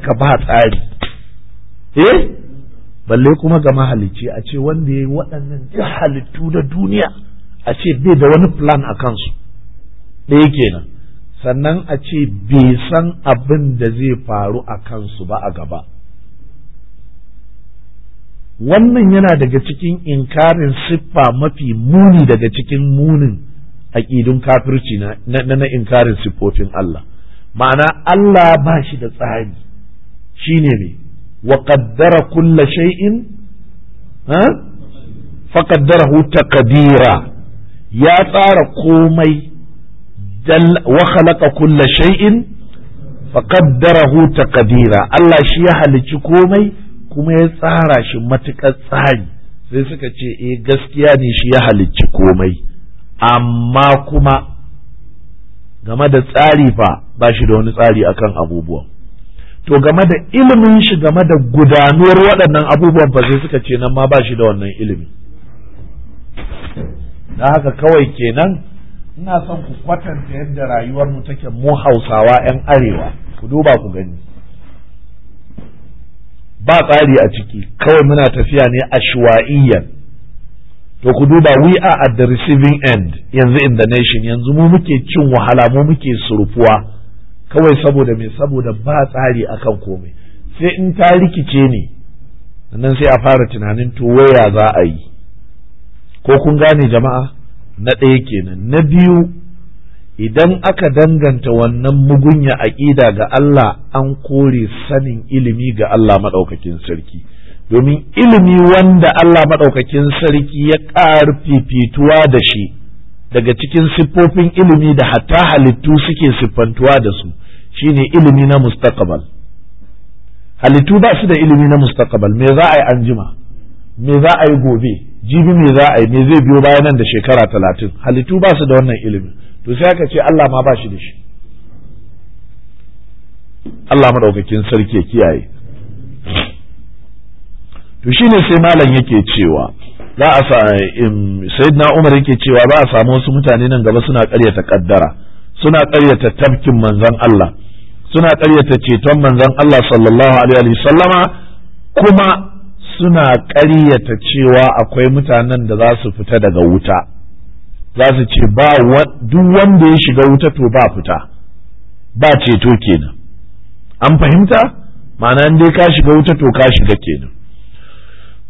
ka ba tsari eh balle kuma ga mahalicci a ce wanda ya yi waɗannan halittu da duniya a ce bai da wani plan a kansu ɗaya kenan sannan a ce bai san abin da zai faru a kansu ba a gaba wannan yana daga cikin inkarin siffa mafi muni daga cikin munin aƙidun kafirci na na inkarin siffofin Allah ma'ana Allah ba shi da tsari shine ne wa ƙaddara kulla shay'in ha fa ya tsara komai jal wa khalaqa kulla shay'in faqaddarahu taqdira Allah shi ya halicci komai kuma ya tsara shi matukar tsari sai suka ce eh gaskiya ne shi ya halicci komai amma kuma game da tsari fa ba shi da wani tsari akan abubuwan to game da ilimin shi game da gudanuwar waɗannan abubuwan fa sai suka ce nan ma ba shi da wannan ilimi na haka kawai kenan ina son ku kwatanta yadda rayuwar mu take mu hausawa 'yan arewa ku duba ku gani ba tsari a ciki kawai muna tafiya ne a shuwaiyyar. to ku duba we are at the receiving end yanzu in the nation yanzu mu muke cin wahala mu muke surfuwa kawai saboda me saboda ba tsari akan komai sai in ta rikice ne nan sai a fara tunanin to waya za a yi ko kun gane jama'a na ɗaya kenan na biyu idan aka danganta wannan mugunya aƙida ga Allah an kore sanin ilimi ga Allah maɗaukakin sarki domin ilimi wanda Allah maɗaukakin sarki ya ƙarfi fifituwa da shi daga cikin siffofin ilimi da hatta halittu suke siffantuwa da su shine ilimi na mustaqbal halittu ba su da ilimi na mustaqbal me za a yi anjima me za a yi gobe jibi me za a yi me zai biyo bayan nan da shekara talatin halittu ba su da wannan ilimin to sai aka ce Allah ma ba shi da shi Allah maɗaukakin sarki ya kiyaye to shine sai malam yake cewa za a sa sayyidina Umar yake cewa za a samu wasu mutane nan gaba suna ƙaryata kaddara suna ƙaryata tafkin manzon Allah suna ƙaryata ceton manzon Allah sallallahu alaihi wasallama kuma suna ƙaryata cewa akwai mutanen da za su fita daga wuta za su ce ba duk wanda ya shiga wuta to ba fita ba ceto kenan an fahimta ma'ana dai ka shiga wuta to ka shiga kenan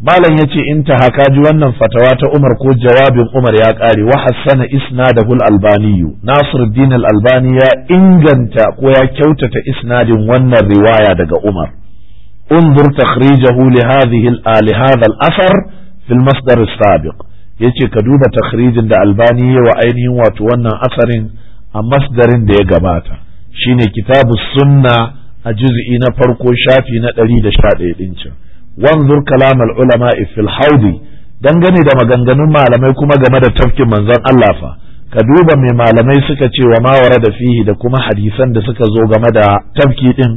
malam yace in ta haka ji wannan fatawa ta Umar ko jawabin Umar ya kare wa hassana isnadahul albani Nasiruddin al-Albani ya inganta ko ya kyautata isnadin wannan riwaya daga Umar انظر تخريجه لهذه لهذا Asar في المصدر السابق yace ka duba takhrijin da albani ya wa ainihin wato wannan asarin a masdarin da ya gabata shine kitabu sunna a juz'i na farko shafi na ɗari 111 din can wanzur kalam al ulama fil dangane da maganganun malamai kuma game da tafkin manzon Allah fa ka duba mai malamai suka ce wa mawara warada fihi da kuma hadisan da suka zo game da tafki ɗin.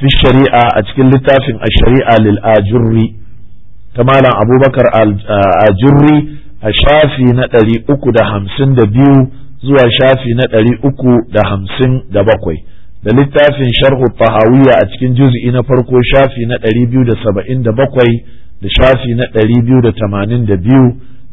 fi shari'a a cikin littafin a shari'a lil ajurri ta malam abubakar ajurri a shafi na ɗari uku da hamsin da biyu zuwa shafi na ɗari uku da hamsin da bakwai da littafin sharhu fahawiya a cikin juz'i na farko shafi na ɗari biyu da saba'in da bakwai da shafi na ɗari biyu da tamanin da biyu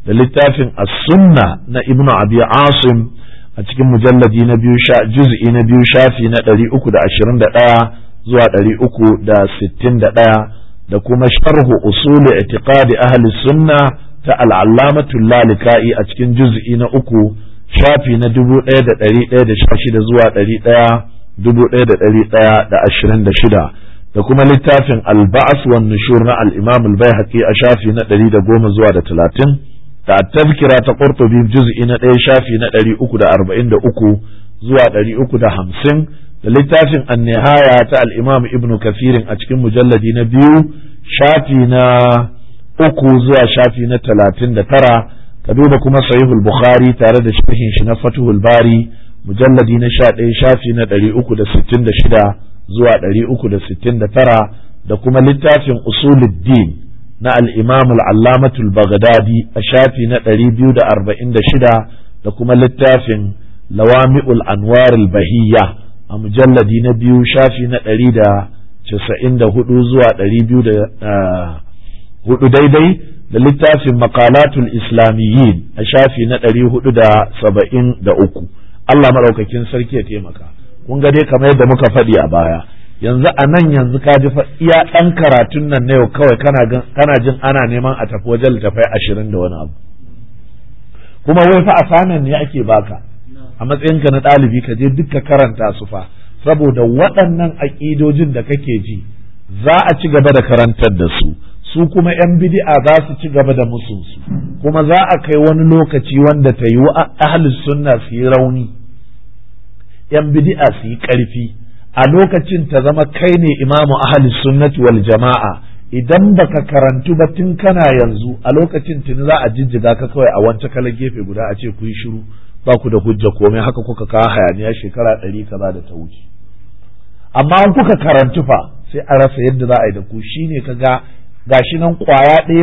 da littafin as-sunna na ibnu abi asim a cikin mujalladi na biyu juz'i na biyu shafi na ɗari uku da ashirin da ɗaya zuwa ɗari uku da sittin da ɗaya da kuma sharhu usuli itiqadi ahli sunna ta al'allamatu lalika'i a cikin juz'i na uku shafi na dubu ɗaya da ɗari ɗaya da sha shida zuwa ɗari ɗaya dubu ɗaya da ɗari ɗaya da ashirin da shida da kuma littafin alba'as wa nushur na al'imamul bai al a shafi na ɗari da goma zuwa da talatin da tazkira ta qurtubi juz'i na ɗaya shafi na ɗari uku da arba'in da uku zuwa ɗari uku da hamsin da littafin annihaya ta al'imam ibn kafirin a cikin mujalladi na biyu shafi na uku zuwa shafi na talatin da tara ka duba kuma sahihul bukhari tare da shirhin shi na fatuhul bari mujalladi na sha ɗaya shafi na ɗari uku da sittin da shida zuwa ɗari uku da sittin da tara da kuma littafin usuluddin na al'imam al'allamatul bagdadi a shafi na ɗari biyu da arba'in da shida da kuma littafin lawami'ul anwarul bahiyya a mujalladi na biyu shafi na ɗari da casa'in da hudu zuwa ɗari biyu da hudu daidai da littafin makalatul islamiyyin a shafi na ɗari hudu da saba'in da uku Allah maɗaukakin sarki ya taimaka kun ga dai kamar yadda muka faɗi a baya yanzu a nan yanzu ka ji iya ɗan karatun nan na yau kawai kana jin ana neman a tafi wajen littafai ashirin da wani abu kuma wai fa asanan ne ake baka a matsayinka na ɗalibi ka je duk karanta su fa saboda waɗannan aƙidojin da kake ji za a ci gaba da karantar da su su kuma 'yan bidi'a za su ci gaba da musunsu kuma za a kai wani lokaci wanda ta yi ahlus sunna su yi rauni 'yan bidi'a su yi ƙarfi a lokacin ta zama kai ne imamu ahli sunnati wal jama'a idan baka karantu ba tun kana yanzu a lokacin tuni za a jijjiga ka kawai a wancan kalar gefe guda a ce ku yi shiru ba ku da hujja komai haka kuka kawo hayaniya shekara ɗari kaza da ta wuce amma an kuka karantu fa sai a rasa yadda za a yi da ku shi ne ka ga gashi nan kwaya ɗaya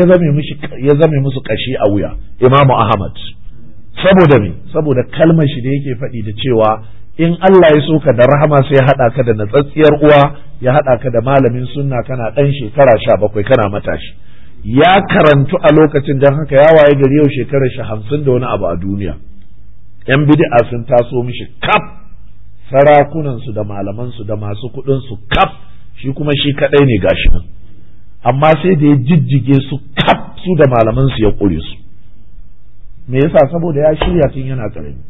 ya zame musu ƙashi a wuya imamu ahmad saboda me saboda kalmar shi da yake faɗi da cewa in Allah ya so ka da rahama sai ya haɗa ka da natsatsiyar uwa ya haɗa ka da malamin sunna kana ɗan shekara sha bakwai kana matashi ya karantu a lokacin don haka ya waye gari yau shekarar shi hamsin da wani abu a duniya 'yan bid'a sun taso mishi kaf sarakunansu da malamansu da masu kuɗinsu kaf shi kuma shi kaɗai ne gashi nan amma sai da ya jijjige su kaf su da malamansu ya ƙure su me yasa saboda ya shirya tun yana ƙarami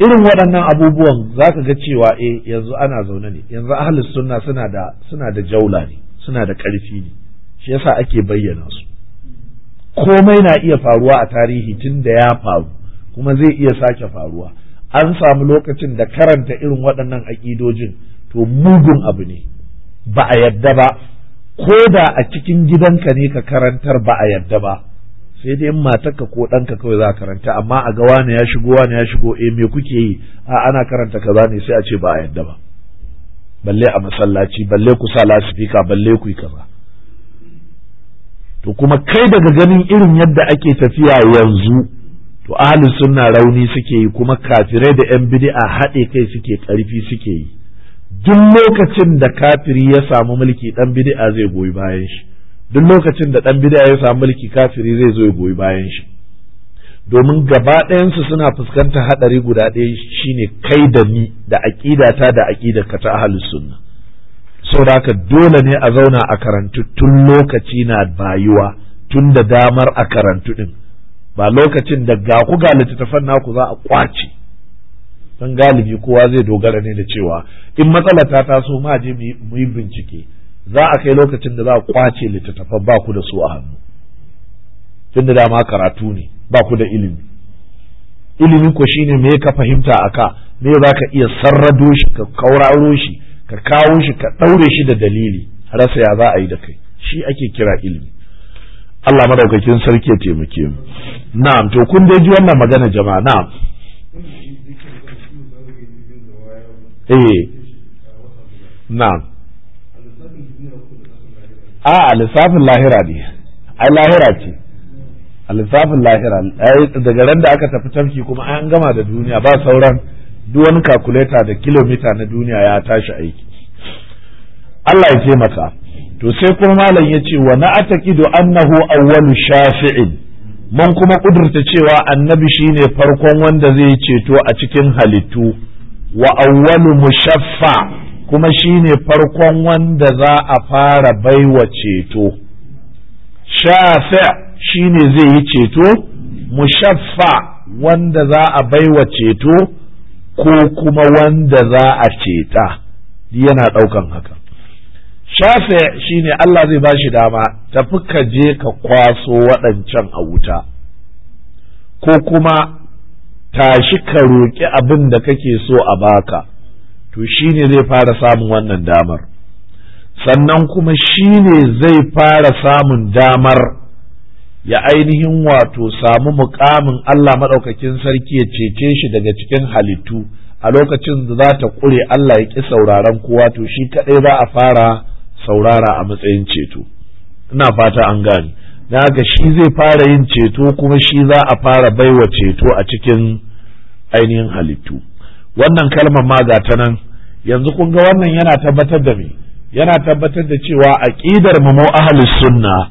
irin waɗannan abubuwan za ka ga cewa eh yanzu ana zaune ne yanzu ahlus sunna suna da suna da jaula ne suna da ƙarfi ne shi yasa ake bayyana su komai na iya faruwa a tarihi tun da ya faru kuma zai iya sake faruwa an samu lokacin da karanta irin waɗannan aƙidojin to mugun abu ne ba a yadda ba ko da a cikin gidanka ne ka karantar ba a yadda ba sai dai matarka ko ɗanka kawai za a karanta amma a ga wani ya shigo wani ya shigo eh me kuke yi a ana karanta kaza ne sai a ce ba a yadda ba balle a masallaci balle ku sa lasifika balle ku yi kaza to kuma kai daga ganin irin yadda ake tafiya yanzu to ahlus sunna rauni suke yi kuma kafirai da yan bid'a haɗe kai suke ƙarfi suke yi duk lokacin da kafiri ya samu mulki dan bid'a zai goyi bayan shi duk lokacin da dan bid'a ya samu mulki kafiri zai zo ya goyi bayan shi domin gaba ɗayansu suna fuskantar haɗari guda ɗaya shine kai da ni da aƙidata da aƙidarka ta ahlus sunna saboda haka dole ne a zauna a karantu tun lokaci na bayuwa tun da damar a karantu din ba lokacin da ga ku ga littattafan naku za a kwace don galibi kowa zai dogara ne da cewa in matsala ta taso ma je mu yi bincike za a kai lokacin da za a kwace littattafan ba ku da su a hannu tun da dama karatu ne ba ku da ilimi ilimi ko shine me ka fahimta aka me za ka iya sarrado shi ka kauraro shi ka kawo shi ka ɗaure shi da dalili rasa ya za a yi da kai shi ake kira ilimi Allah madaukakin sarki ya taimake mu na'am to kun dai ji wannan magana jama'a na'am eh na'am a ah, lissafin lahira ne ai lahira ce a lissafin lahira daga ran da aka tafi tafki kuma an gama da duniya ba sauran duk wani calculator da kilomita na duniya ya tashi aiki Allah ya taimaka to sai kuma malam ya ce wa atakidu annahu awwalu shafi'in mun kuma kudurta cewa annabi shine farkon wanda zai ceto a cikin halittu wa awwalu mushaffa kuma shine farkon wanda za a fara baiwa ceto shafi' shine zai yi ceto mushaffa wanda za a baiwa ceto ko kuma wanda za a ceta yana ɗaukan haka shi shine Allah zai ba shi dama tafi ka je ka kwaso waɗancan a wuta ko kuma tashi ka roƙi abin da kake so a baka to shine zai fara samun wannan damar sannan kuma shine zai fara samun damar ya ainihin wato samu mukamin Allah maɗaukakin sarki ya cece shi daga cikin halittu a lokacin da za ta ƙure Allah ya ƙi sauraron kowa to shi kaɗai za a fara saurara a matsayin ceto ina fata an gane na haka shi zai fara yin ceto kuma shi za a fara baiwa ceto a cikin ainihin halittu wannan kalmar ma ga ta nan yanzu kun ga wannan yana tabbatar da me yana tabbatar da cewa aqidar mu mu ahlus sunna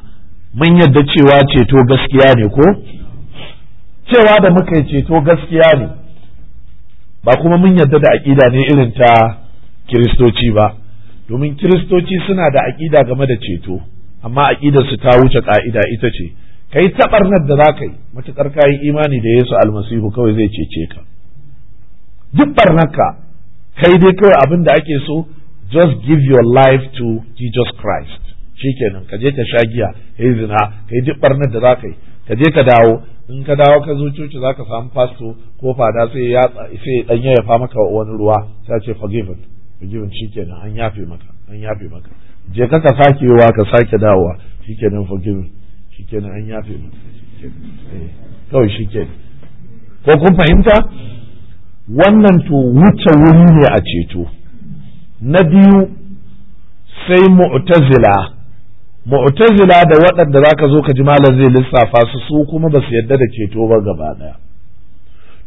mun yadda cewa ceto gaskiya ne ko cewa da muka yi ceto gaskiya ne ba kuma mun yadda da aƙida ne irin ta kiristoci ba domin kiristoci suna da aƙida game da ceto amma su ta wuce ƙa'ida ita ce ka yi taɓarnar da za ka yi matuƙar kayan imani da yesu almasihu kawai zai cece ka duk barnarka kai dai kawai abin da ake so just give your life to jesus christ kenan ka je ka sha giya ka yi zina ka yi duk barnar da za ka yi ka je ka dawo in ka dawo ka zo coci za ka samu fasto ko fada sai ya ya fa maka wani ruwa sai ce forgiven shi kenan an yafe maka an yafe maka je ka sakewa ka sake dawowa shikenan shi kenan an yafe maka eh, kawai kenan ko kun fahimta wannan to wuce wuri ne a ceto na biyu sai mu'tazila mu'tazila da waɗanda zaka zo ka ji malam zai lissafa su su kuma ba su yadda da ceto ba gaba ɗaya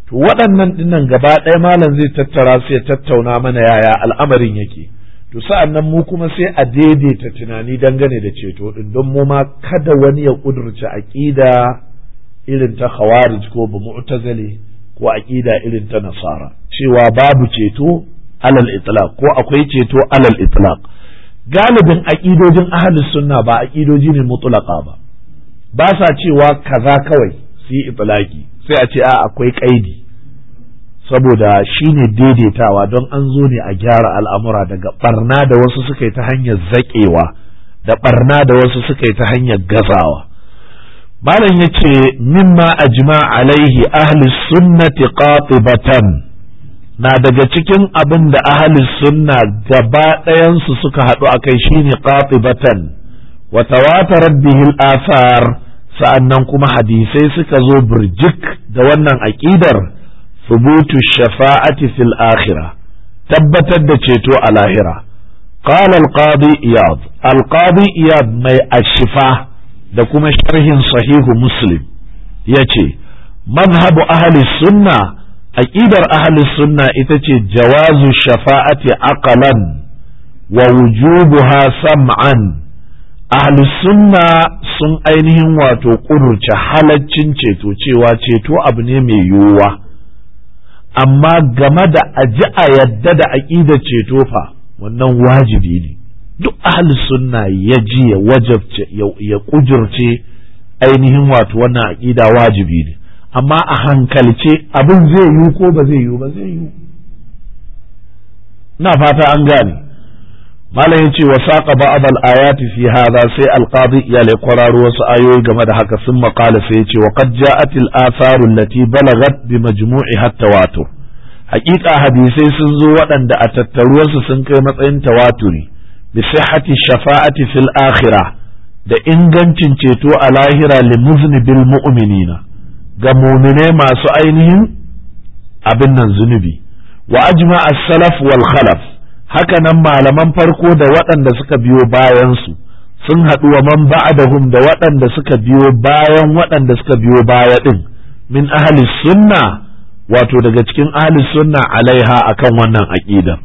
to waɗannan dinnan gaba ɗaya malam zai tattara su ya tattauna mana yaya al'amarin yake to sa'an nan mu kuma sai a daidaita tunani dangane da ceto ɗin don mu ma kada wani ya ƙudurci aƙida irin ta khawarij ko ba mu'tazili ko aƙida irin ta nasara cewa babu ceto alal itlaq ko akwai ceto alal itlaq galibin aqidojin ahli sunna ba aƙidoji ne mutlaqa ba ba sa cewa kaza kawai su yi itlaqi sai a ce a akwai kaidi saboda shi ne daidaitawa don an zo ne a gyara al'amura daga barna da wasu suka yi ta hanyar zaƙewa da barna da wasu suka yi ta hanyar gazawa malam ya ce mimma ajma alaihi ahli sunnati qatibatan na daga cikin abin da ahli sunna gaba ɗayansu suka haɗu a kai shine qatibatan wa tawatarat bihi al-athar sa'annan kuma hadisai suka zo birjik da wannan aƙidar rubutu shafa'ati fil akhira tabbatar da ceto a lahira قال iyad. إياض القاضي mai ashifa da kuma sharhin sahihu muslim ya ce mazhabu ahli sunna aqidar ahli sunna ita ce jawazu shafa'ati aqalan wa wujubuha sam'an ahlus sunna sun ainihin wato ƙudurce halaccin ceto cewa ceto abu ne mai yiwuwa amma game da a ji a yadda da aƙida ceto fa wannan wajibi ne duk ahlisunna sunna ya ji ya wajabce ya ƙudurce ainihin wato wannan aƙida wajibi ne amma a hankalce abin zai yiwu ko ba zai yiwu ba zai yiwu na fata an gane malam yace wa saqa ba'd al-ayati fi hadha sai al-qadi ya le wasu ayoyi game da haka sun maqala sai yace wa qad ja'at al-atharu allati balagat bi majmu'iha tawatur haqiqa hadisai sun zo waɗanda a tattaruwarsu sun kai matsayin tawaturi bi sihhati shafa'ati fil akhirah da ingancin ceto a lahira limuznibin mu'minina ga mumine masu ainihin abin nan zunubi wa ajma'a as-salaf wal khalaf haka nan malaman farko da waɗanda suka biyo bayansu sun haɗu wa man ba'adahum da waɗanda suka biyo bayan waɗanda suka biyo baya ɗin min ahli sunna wato daga cikin ahli sunna alaiha akan wannan aƙidar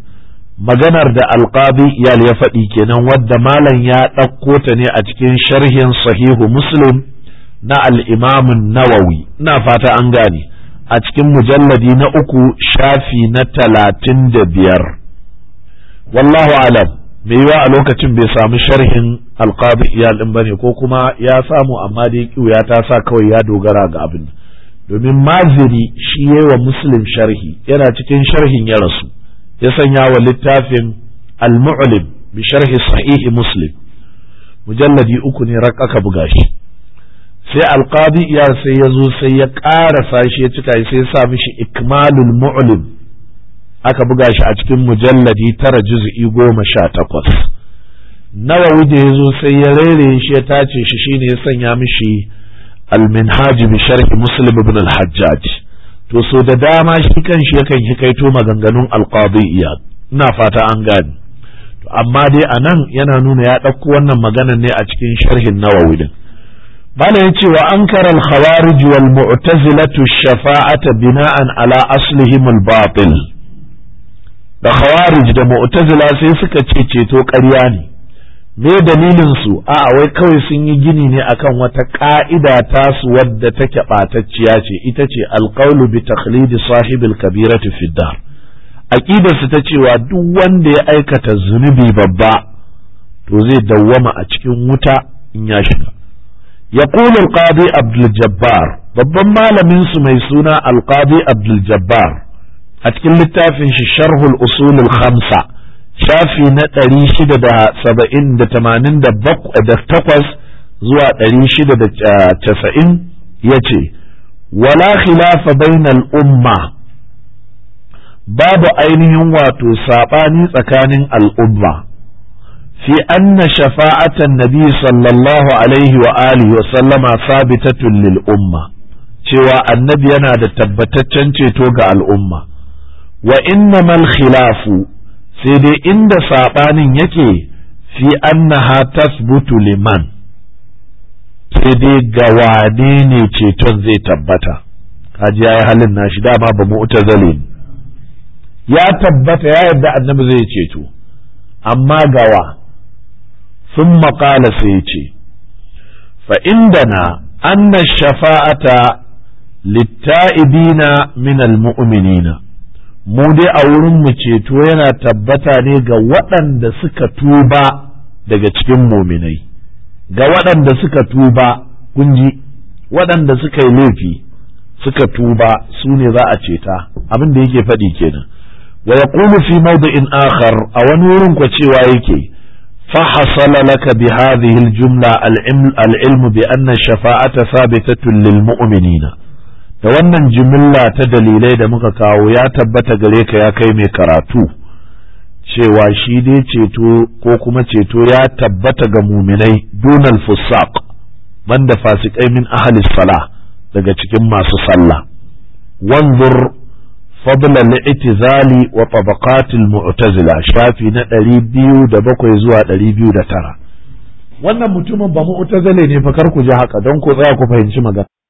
maganar da alqabi iyal ya faɗi kenan wadda malam ya ɗauko ta ne a cikin sharhin sahihu muslim na al al'imamin nawawi ina fata an gane a cikin mujalladi na uku shafi na talatin da biyar wallahu alam me yiwa a lokacin bai samu sharhin alqabi iyalin ba ne ko kuma ya samu amma dai ya ta sa kawai ya dogara ga abin domin maziri shi yayi wa muslim sharhi yana cikin sharhin ya rasu ya sanya wa littafin al-mu'lim bi sharhi sahihi muslim mujalladi uku ne rakaka buga shi sai alqadi iyal sai ya zo sai ya ƙara sashi ya cika sai ya sa mishi ikmalul mu'lim aka buga shi a cikin mujalladi tara juz'i goma sha takwas Nawa da ya zo sai ya rere shi ya tace shi shine ya sanya mishi al-minhaj bi sharh muslim ibn al to so da dama shi kanshi yakan kaito maganganun al-qadi ina fata an gani amma dai anan nan yana nuna ya ɗauko wannan maganar ne a cikin sharhin nawawi din bala ya ce wa ankarar al khawarij wal mu'tazilatu shafa'ata bina'an ala aslihim al batil da khawarij da mu'tazila sai suka ce ceto ƙarya ne me dalilin su a wai kawai sun yi gini ne akan wata ka'ida tasu wadda take ɓatacciya ce ita ce alqaulu bi taqlidi sahibil kabirati Fidda. dar aqidar su ta cewa duk wanda ya aikata zunubi babba to zai dawwama a cikin wuta in ya shiga yaqulu alqadi abdul jabbar babban malamin su mai suna alqadi abdul jabbar a cikin littafin shi sharhul usulul khamsa shafi na ɗari shida da saba'in da tamanin da takwas zuwa ɗari shida da eh, casa'in ya ce wala khilafa bainal umma babu ainihin wato saɓani tsakanin al'umma fi anna shafa'atan nabi sallallahu alaihi wa alihi wa sallama sabitatun lil umma cewa annabi yana da tabbataccen ceto ga al'umma wa mal khilafu sai dai inda saɓanin yake fi annaha tasbutu liman sai dai ga wane ne ceton zai tabbata haji ya yi halin nashi dama ba mu'tazali ya tabbata ya yarda annabi zai ceto amma gawa sun maƙala sai ce fa indana anna shafa'ata litta'ibina min al-mu'minina mu dai a wurin mu ceto yana tabbata ne ga waɗanda suka tuba daga cikin muminai ga waɗanda suka tuba kunji waɗanda suka yi laifi suka tuba su ne za a ceta abin da yake faɗi kenan wa yaqulu fi in akhar a wani wurin ko cewa yake fa hasala laka bi hadhihi al-jumla al-ilm bi anna shafaata thabitatun lil mu'minina da wannan jimilla ta dalilai da muka kawo ya tabbata gare ka ya kai mai karatu cewa shi dai ceto ko kuma ceto ya tabbata ga muminai dunal fusaq banda fasikai min ahalis sala daga cikin masu sallah wanzur fadla li'tizali wa tabaqatil mu'tazila shafi na 207 zuwa 209 wannan mutumin ba mu'tazile ne fa kar ku ji haka don ku tsaya ku fahimci magana